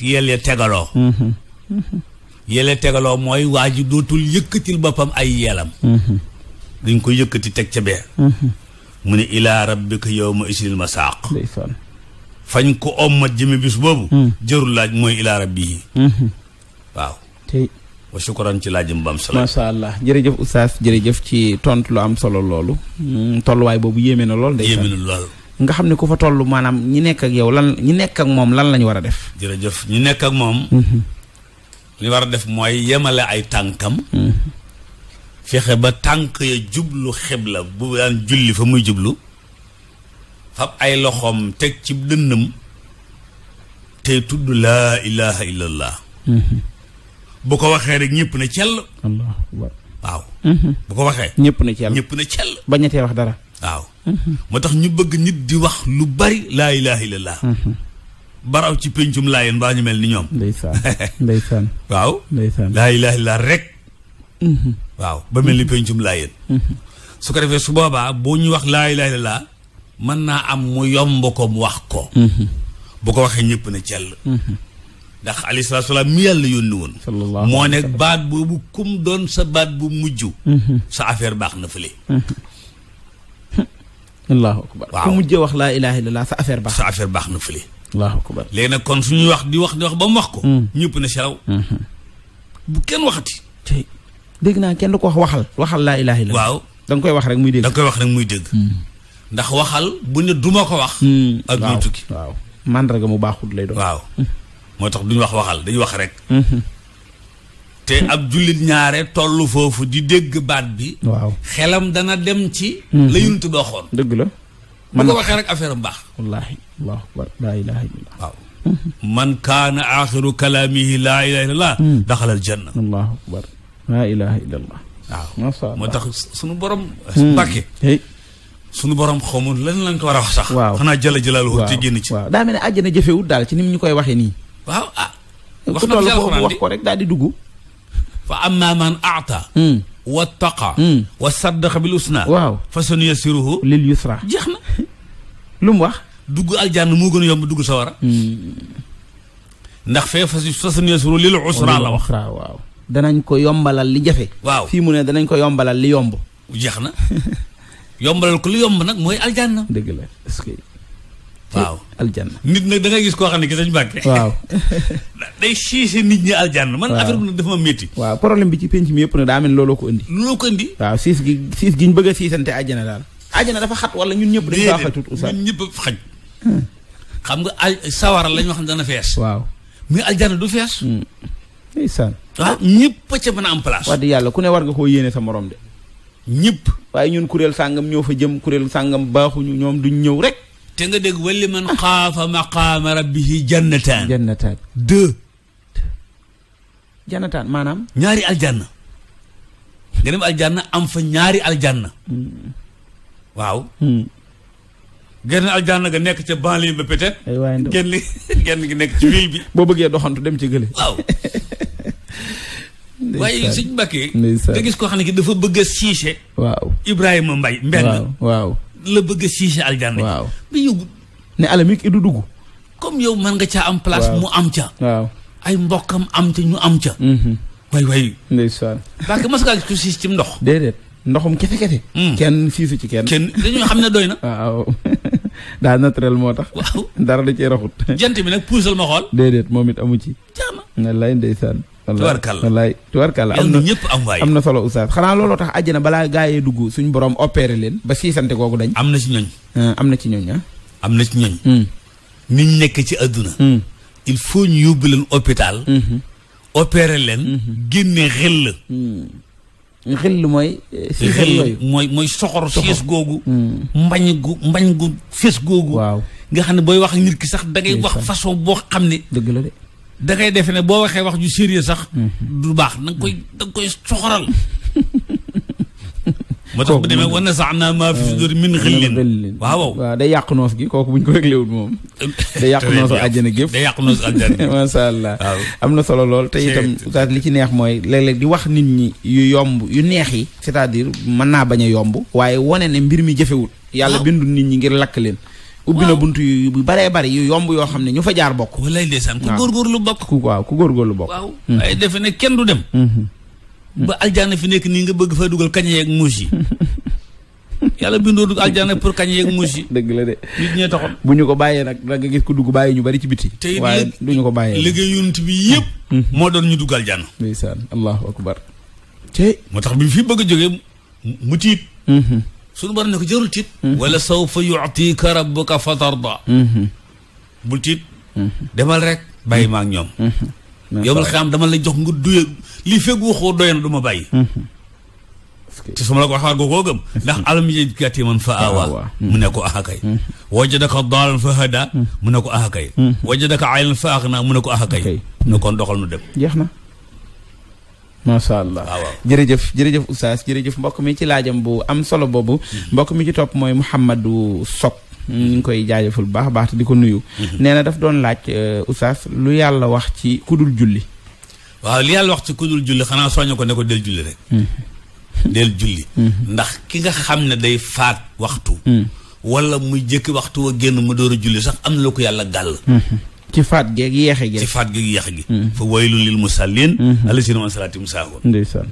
yeel ya te yele tegaloo mooy waa ji dootul yëkkatil boppam ay yelam mhm. dañ ko yëkkati teg ca bee mhm. mu ne ilaa rabbika yawma ma masaaq fañ ko om ma jëme bis boobu hmm. jërul laaj mooy ilaa rabbihi mhm. waaw tey wa shukran ci laajum ba am solo macha allah jërëjëf oustaz jërëjëf ci tontu lu am solo loolu hmm, tolluwaay boobu yéeme na lool yéeme na lool nga xam ne ku fa toll maanaam ñi nekk ak yow lan ñi nekk ak moom lan lañ war a def jërëjëf ñi nekk ak moom li war a def mooy yemale ay tànkam fexe ba tànk ya jublu xibla bu daan julli fa muy jublu fab ay loxoom teg ci dënnam te tudd laa ilaha illallah boo ko waxee rek ñépp na cell allah waaw mhm. bu ko waxee ñépp na cell ñëpp na cell bañatee wax dara waaw mhm. moo tax ñu bëgg nit di wax lu bari laa ilaha illallah mhm. baraw ci péncum laayin baa ñu mel ni ñoom. ndeysaan ndeysaan. waaw. la laa rek. Mhm. waaw ba mel ni péncum laayin. Mhm. su ko defee su boobaa boo ñu wax laa ilaaha illa mën naa am mu yomb ko mu wax ko. Mhm. bu ko waxee ñëpp ne cell. ndax alayhi salaatu salaam mi yàlla yónni woon moo ne baat boobu kum doon sa baat bu mujj sa affaire baax na fële allahu akbar ku mujjee wax laa ilaaha illallah sa affaire baax sa affaire baax na fële allahu akbar léegi nag kon suñuy wax di wax di wax ba mu wax ko. Hmm. ñëpp na selaw. Hmm. bu kenn waxati. tey dégg naa kenn du ko wax waxal. waxal laa ilaaha illallaah. waaw da nga koy wax rek muy dégg. da koy wax rek muy dégg. Hmm. ndax waxal bu ne duma ko wax. ak muy tukki waaw màndarga mu baaxul lay doon. waaw moo tax duñu wax waxal dañu wax rek. te ab jullit ñaare tollu foofu di dégg baat bi. waaw xelam dana dem ci. la yunt boo xoon dëgg la. bu nga waxee rek affaire am baax. wallaahi. allahu akbar laa ilaha illallah waaw man kaana axiru kalaamihi laa ilaha illallah hmm. akbar laa ilaha illallah waaw masha allah moo tax sunu borom hmm. mbàkke sunu borom xamul lan lañ ko war a wax sax waaw xanaa jëla jëlaalu te génn ci waaw daa mel ne àjjana daal ci ni mu koy waxee nii waaw ah wax na ko wax ko rek daal di dugg fa amma man aata hmm. wattaqa wa saddaqa bil usna waaw fa sunu yasiruhu lil mu wax dugg aljanna moo gën a yomb dugg sawara hmm. ndax fee fa sanuyasiru lil usra la wax waaw danañ ko yombalal li jafe waaw fii mu ne danañ ko yombalal li yomb jeex na yombalal ko li yomb nag mooy aljanna dëgg la est-ce que waaw aljanna nit nag da gis koo xam ne gis nañu bàkke waaw day siise nit man affaire bi nag dafa ma métti waaw problème bi ci penc mi yëpp nag daa mel looloo ko indi looloo ko indi waaw siis gi siis gi ñu bëgg a siisante àjjana daal àjjana dafa xat wala ñun ñëpp dañ faa xatut oustaz ñëpp xaj xam nga al sawara lañ xam ne dana fees. waaw mais aljana du fees. Hmm. ndeysaan. waaw ah, ñëpp ca mën a am place. wax dëgg yàlla ku ne war nga koo yéene sa moroom de. ñëpp. waaye ñun kuréel sàngam ñëw fa jëm kuréel sàngam baaxuñu ñoom duñ ñëw rek. te nga dégg wali man xaafa maqaama rabbihi jannataan. jannataan deux. jannataan maanaam. ñaari aljanna. nga dem aljanna am fa ñaari aljanna. Hmm. waaw. Hmm. genn aljanna ga nekk ca banlieue ba peut-être. gi nekk ci bi. boo bëggee doxantu dem ci gële. waaw. waaye suñ Mbakke. dafa bëgg a Ibrahima Mbaye. Mbeng la bëgg a siise aljanna. waaw bi dugg. comme yow mën nga caa am mu am ca. ay mbokkam am ca ñu am ca. Mm-hmm. waay waay. ndeysaan. parce que mas ngaa gis ku siis ci ndox. déedéet ndoxum kefe kefe. Hmm. kenn siisu ci kenn. kenn dañoo xam ne doy na. daa naturel moo tax. dara da cee raxut. jant bi nag puusal ma xool. déedéet moom it amu ci. jaama wallaay ndeysaan. tubarkalla wallaay tubarkalla am na ñëpp am am na solo oustaz xanaa looloo tax na balaa gaa yee dugg suñu borom opéré leen ba siisante kooku dañ. am na ci ñooñ. am na ci ñooñ ah. am na ci ñooñ. Ah. Hmm. ni nekk ci àdduna. Hmm. il faut ñu yóbbu leen hôpital. Hmm. opéré leen. génne xel la. xill mooy. xill yooyu mooy mooy soxor. fees googu. Hmm. mbañ gu mbañ gu fees googu. waaw nga xam ne booy wax ak nit ki sax da wax façon boo xam ne. dëgg la da ngay defe ne boo waxee wax ju sérieux sax. Hmm. du baax da koy da koy soxoral. moo tax bu demee wan na sax naa maa waaw waaw day yàq noos gi kooku buñ ko réglewul moom day yàq noosu àjjana gépp day yàq noosu àjjana macha allah am na solo lool tey itam oustaz li ci neex mooy léeg-léeg di wax nit ñi yu yomb yu neex yi c'est-à-dire mën naa bañ yomb waaye wane ne mbir mi jëfewul yàlla bindul nit ñi ngir lakk leen ubbi na bunt yu baree bari yu yomb yoo xam ne ñu fa jaar bokk walaay ndeysaan ku góorgóorlu bokk ku waaw ku góorgóorlu bokk waaw hmm. ay defe ne kenn du dem hmm, hmm. Mm. ba aljanna fi nekk nii nga bëgg fa dugal kañ yeeg muus yi yàlla bindoo dugg aljanna pour kañ yeeg muus yi dëgg la de nit ñee bu ñu ko bàyyee nag da nga gis ko dugg bàyyi ñu bari ci biti te waaye du ñu ko bàyyee liggéey yonent bi yëpp mm. mm. moo doon ñu dugg aljanna ndeysaan allahu akbar te moo tax bi fi bëgg a jógee mu tiit mm-hmm. suñu borom ne ko jarul tiit mm-hmm. wala sawfa yu'tika rabbuka fatarda mm-hmm. bul tiit demal rek bàyyi ma ak ñoom yowmal xiyaam dama la jox nga duye li fekk waxoo doy na du ma bàyyi mhm. te su ma la ko waxaat koo gëm ndax mhm. alam yajidka yatiiman fa aawaa mhm. mu ne ko aha kay wajadaka daalan fa hadaa mu ne ko aha kay wajadaka aayilan mu ne ko aha kay kon doxal nu dem jeex na macha allah jërëjëf jërëjëf oustaz jërëjëf mbokk mi ci laajam bu am solo boobu mbokk mi ci topp mooy Mouhamadou Sock ñu ngi koy jaajëful bu baax baax te di ko nuyu. Mhm. nee na daf doon laaj euh, oustaz lu yàlla wax ci kudul julli. waaw li yàlla wax ci kudul julli xanaa soññu ko ne del julli rek. Mhm. del julli. Mhm. ndax ki nga xam ne day faat waxtu. walla mu jëkki waxtu wa génn mu door a julli sax am na lu ko yàlla gàll. ci faat geeg yeexe gi. ci faat geeg yeexe gi. fa waylun lil musallin. allazina an salaatihim saahuun. ndeysaan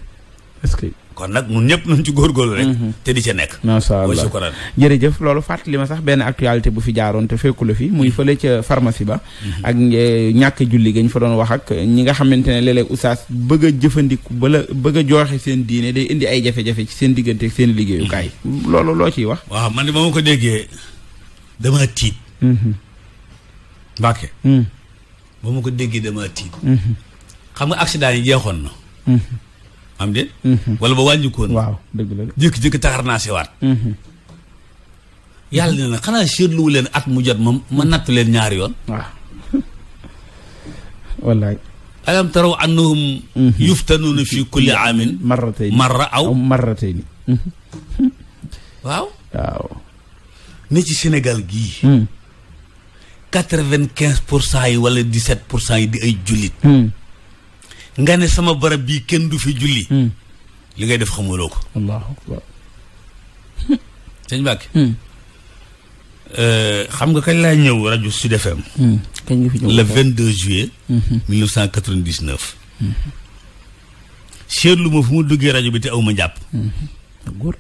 est kon nag ñun ñëpp nañ ci góorgóorlu rek. Mhm. te di ca nekk. macha allah shukran jërëjëf loolu fàttali ma sax benn actualité bu fi jaaroon te fekku la fi muy mhm. fële ca pharmacie ba. Mhm. ak eh, ñàkk julli gañ fa doon wax ak ñi nga xamante ne léeg-léeg bëgg a jëfandiku bala bëgg a jooxe seen diine day indi ay jafe-jafe ci seen diggante ak seen liggéeyukaay. loolu loo ciy wax. waaw man de ba ma ko déggee dama tiit. Mbàkke. ba ma ko déggee dama tiit. xam nga accident yi jeexoon na. am de mhm. wala ba wàññikoon waaw dëgg la jékki taxar naa siwaat mhm. yàlla ne na xanaa seetluwu leen at mu jot ma nattu leen ñaari yoon waaw wallaay alam taraw annahum mhm. yuftanuuna fi kulli aamin marratayni aw marratayni waaw waaw ne ci Sénégal gii hmm. quatre-vingt-quinze pour cent yi wala dix-sept pour cent yi di ay jullit hmm. nga ne sama barab bii kenn du fi julli. Hmm. li ngay def xamuloo ko. allahu akbar. Hmm. Euh, xam nga kañ laay ñëw rajo Sud FM. Hmm. kañ nga fi ñëw le 22 juillet. 1999. seetlu ma fu mu duggee rajo bi te aw ma jàpp. góor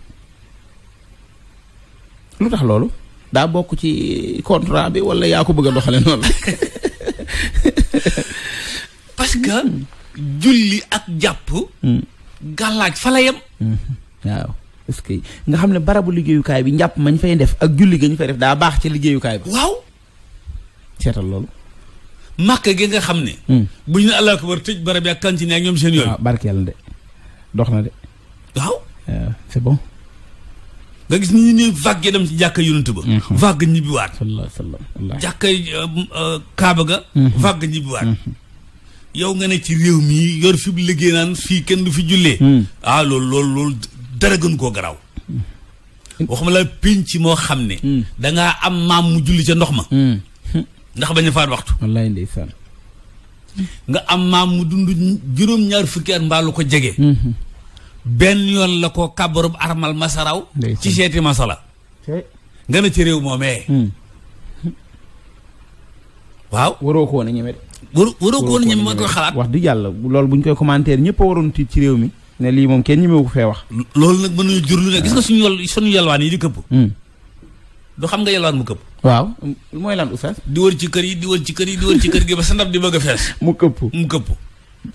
lu tax loolu. daa bokk ci contrat bi wala yaa ko bëgg a doxale noonu. parce que. julli ak jàpp. Hmm. gàllaaj fa la yem. Hmm. waaw est-ce que nga xam ne barabu liggéeyukaay bi njàpp mañ fay def ak julli ga ñu fay def daa baax ci liggéeyukaay bi. waaw. seetal loolu. màkk gi nga xam ne. Hmm. bu ñu ne allah akbar tëj barab yi ak cantine ak ñoom seen yooyu. waaw ah, barkeel de dox na de. waaw. Ah, c'est bon. nga gis ni ñuy vague dem ci euh, euh, kaaba ga. vague ñibbiwaat. yow nga ne ci réew mi yor fi bu liggéey naan fii kenn du fi jullee. Hmm. ah loolu loolu dara gën koo garaaw. Hmm. waxuma la pinc moo xam ne. Hmm. danga am maam mu julli ca ndox ma. ndax bañ a faat waxtu. nga am maam mu dund juróom-ñaar fukki at mbaa ko jege. benn yoon la ko kàbbarub armal masaraw ci seeti masala nga ne ci réew moomee waaw waroo ko woon a ñeme waru waroo ko woon ñeme ma koy xalaat wax dëgg yàlla loolu buñ koy commentaire ñëpp a waroon tiit ci réew mi ne lii moom kenn ñemewu ko fee wax loolu nag mën nañu jur lu ne gis nga suñu yol suñu yalwaan yi di këpp hmm. du xam nga yalwaan mu këpp waaw mooy lan oustaz di wër ci kër yi di wër ci kër yi di wër ci kër gi ba sa ndab di bëgg a fees mu këpp mu këpp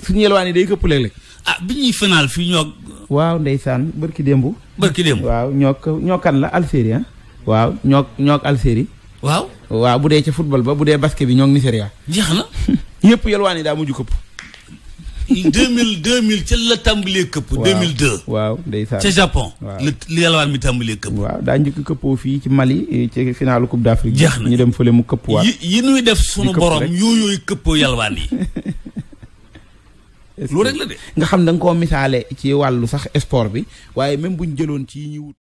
suñu yelwaan yi day këpp léeg-léeg ah bi ñuy final fii ñoog waaw ndeysaan bërki démb bërki démb waaw ñook ñookan la Algérie ah. waaw ñook ñook Algérie waaw waaw bu dee ca football ba bu dee basket bi ñoo ngi Nigeria. jeex na. yëpp yalwaan yi daa mujj këpp. 2000 2000 ca la tàmbalee këpp. waaw 2002. waaw ndeysaan ca Japon. waaw li yalwaan mi tàmbalee këpp. waaw daa njëkk këppoo fii ci Mali eh, ci finalu coupe d'Afrique. jeex na ñu dem fële mu këpp waat. yi yi def sunu borom yooyooy këppoo yalwaan yi. loolu rek la de. nga xam da nga koo misaale ci wàllu sax sport bi waaye même buñ jëloon ci yi ñuy wut.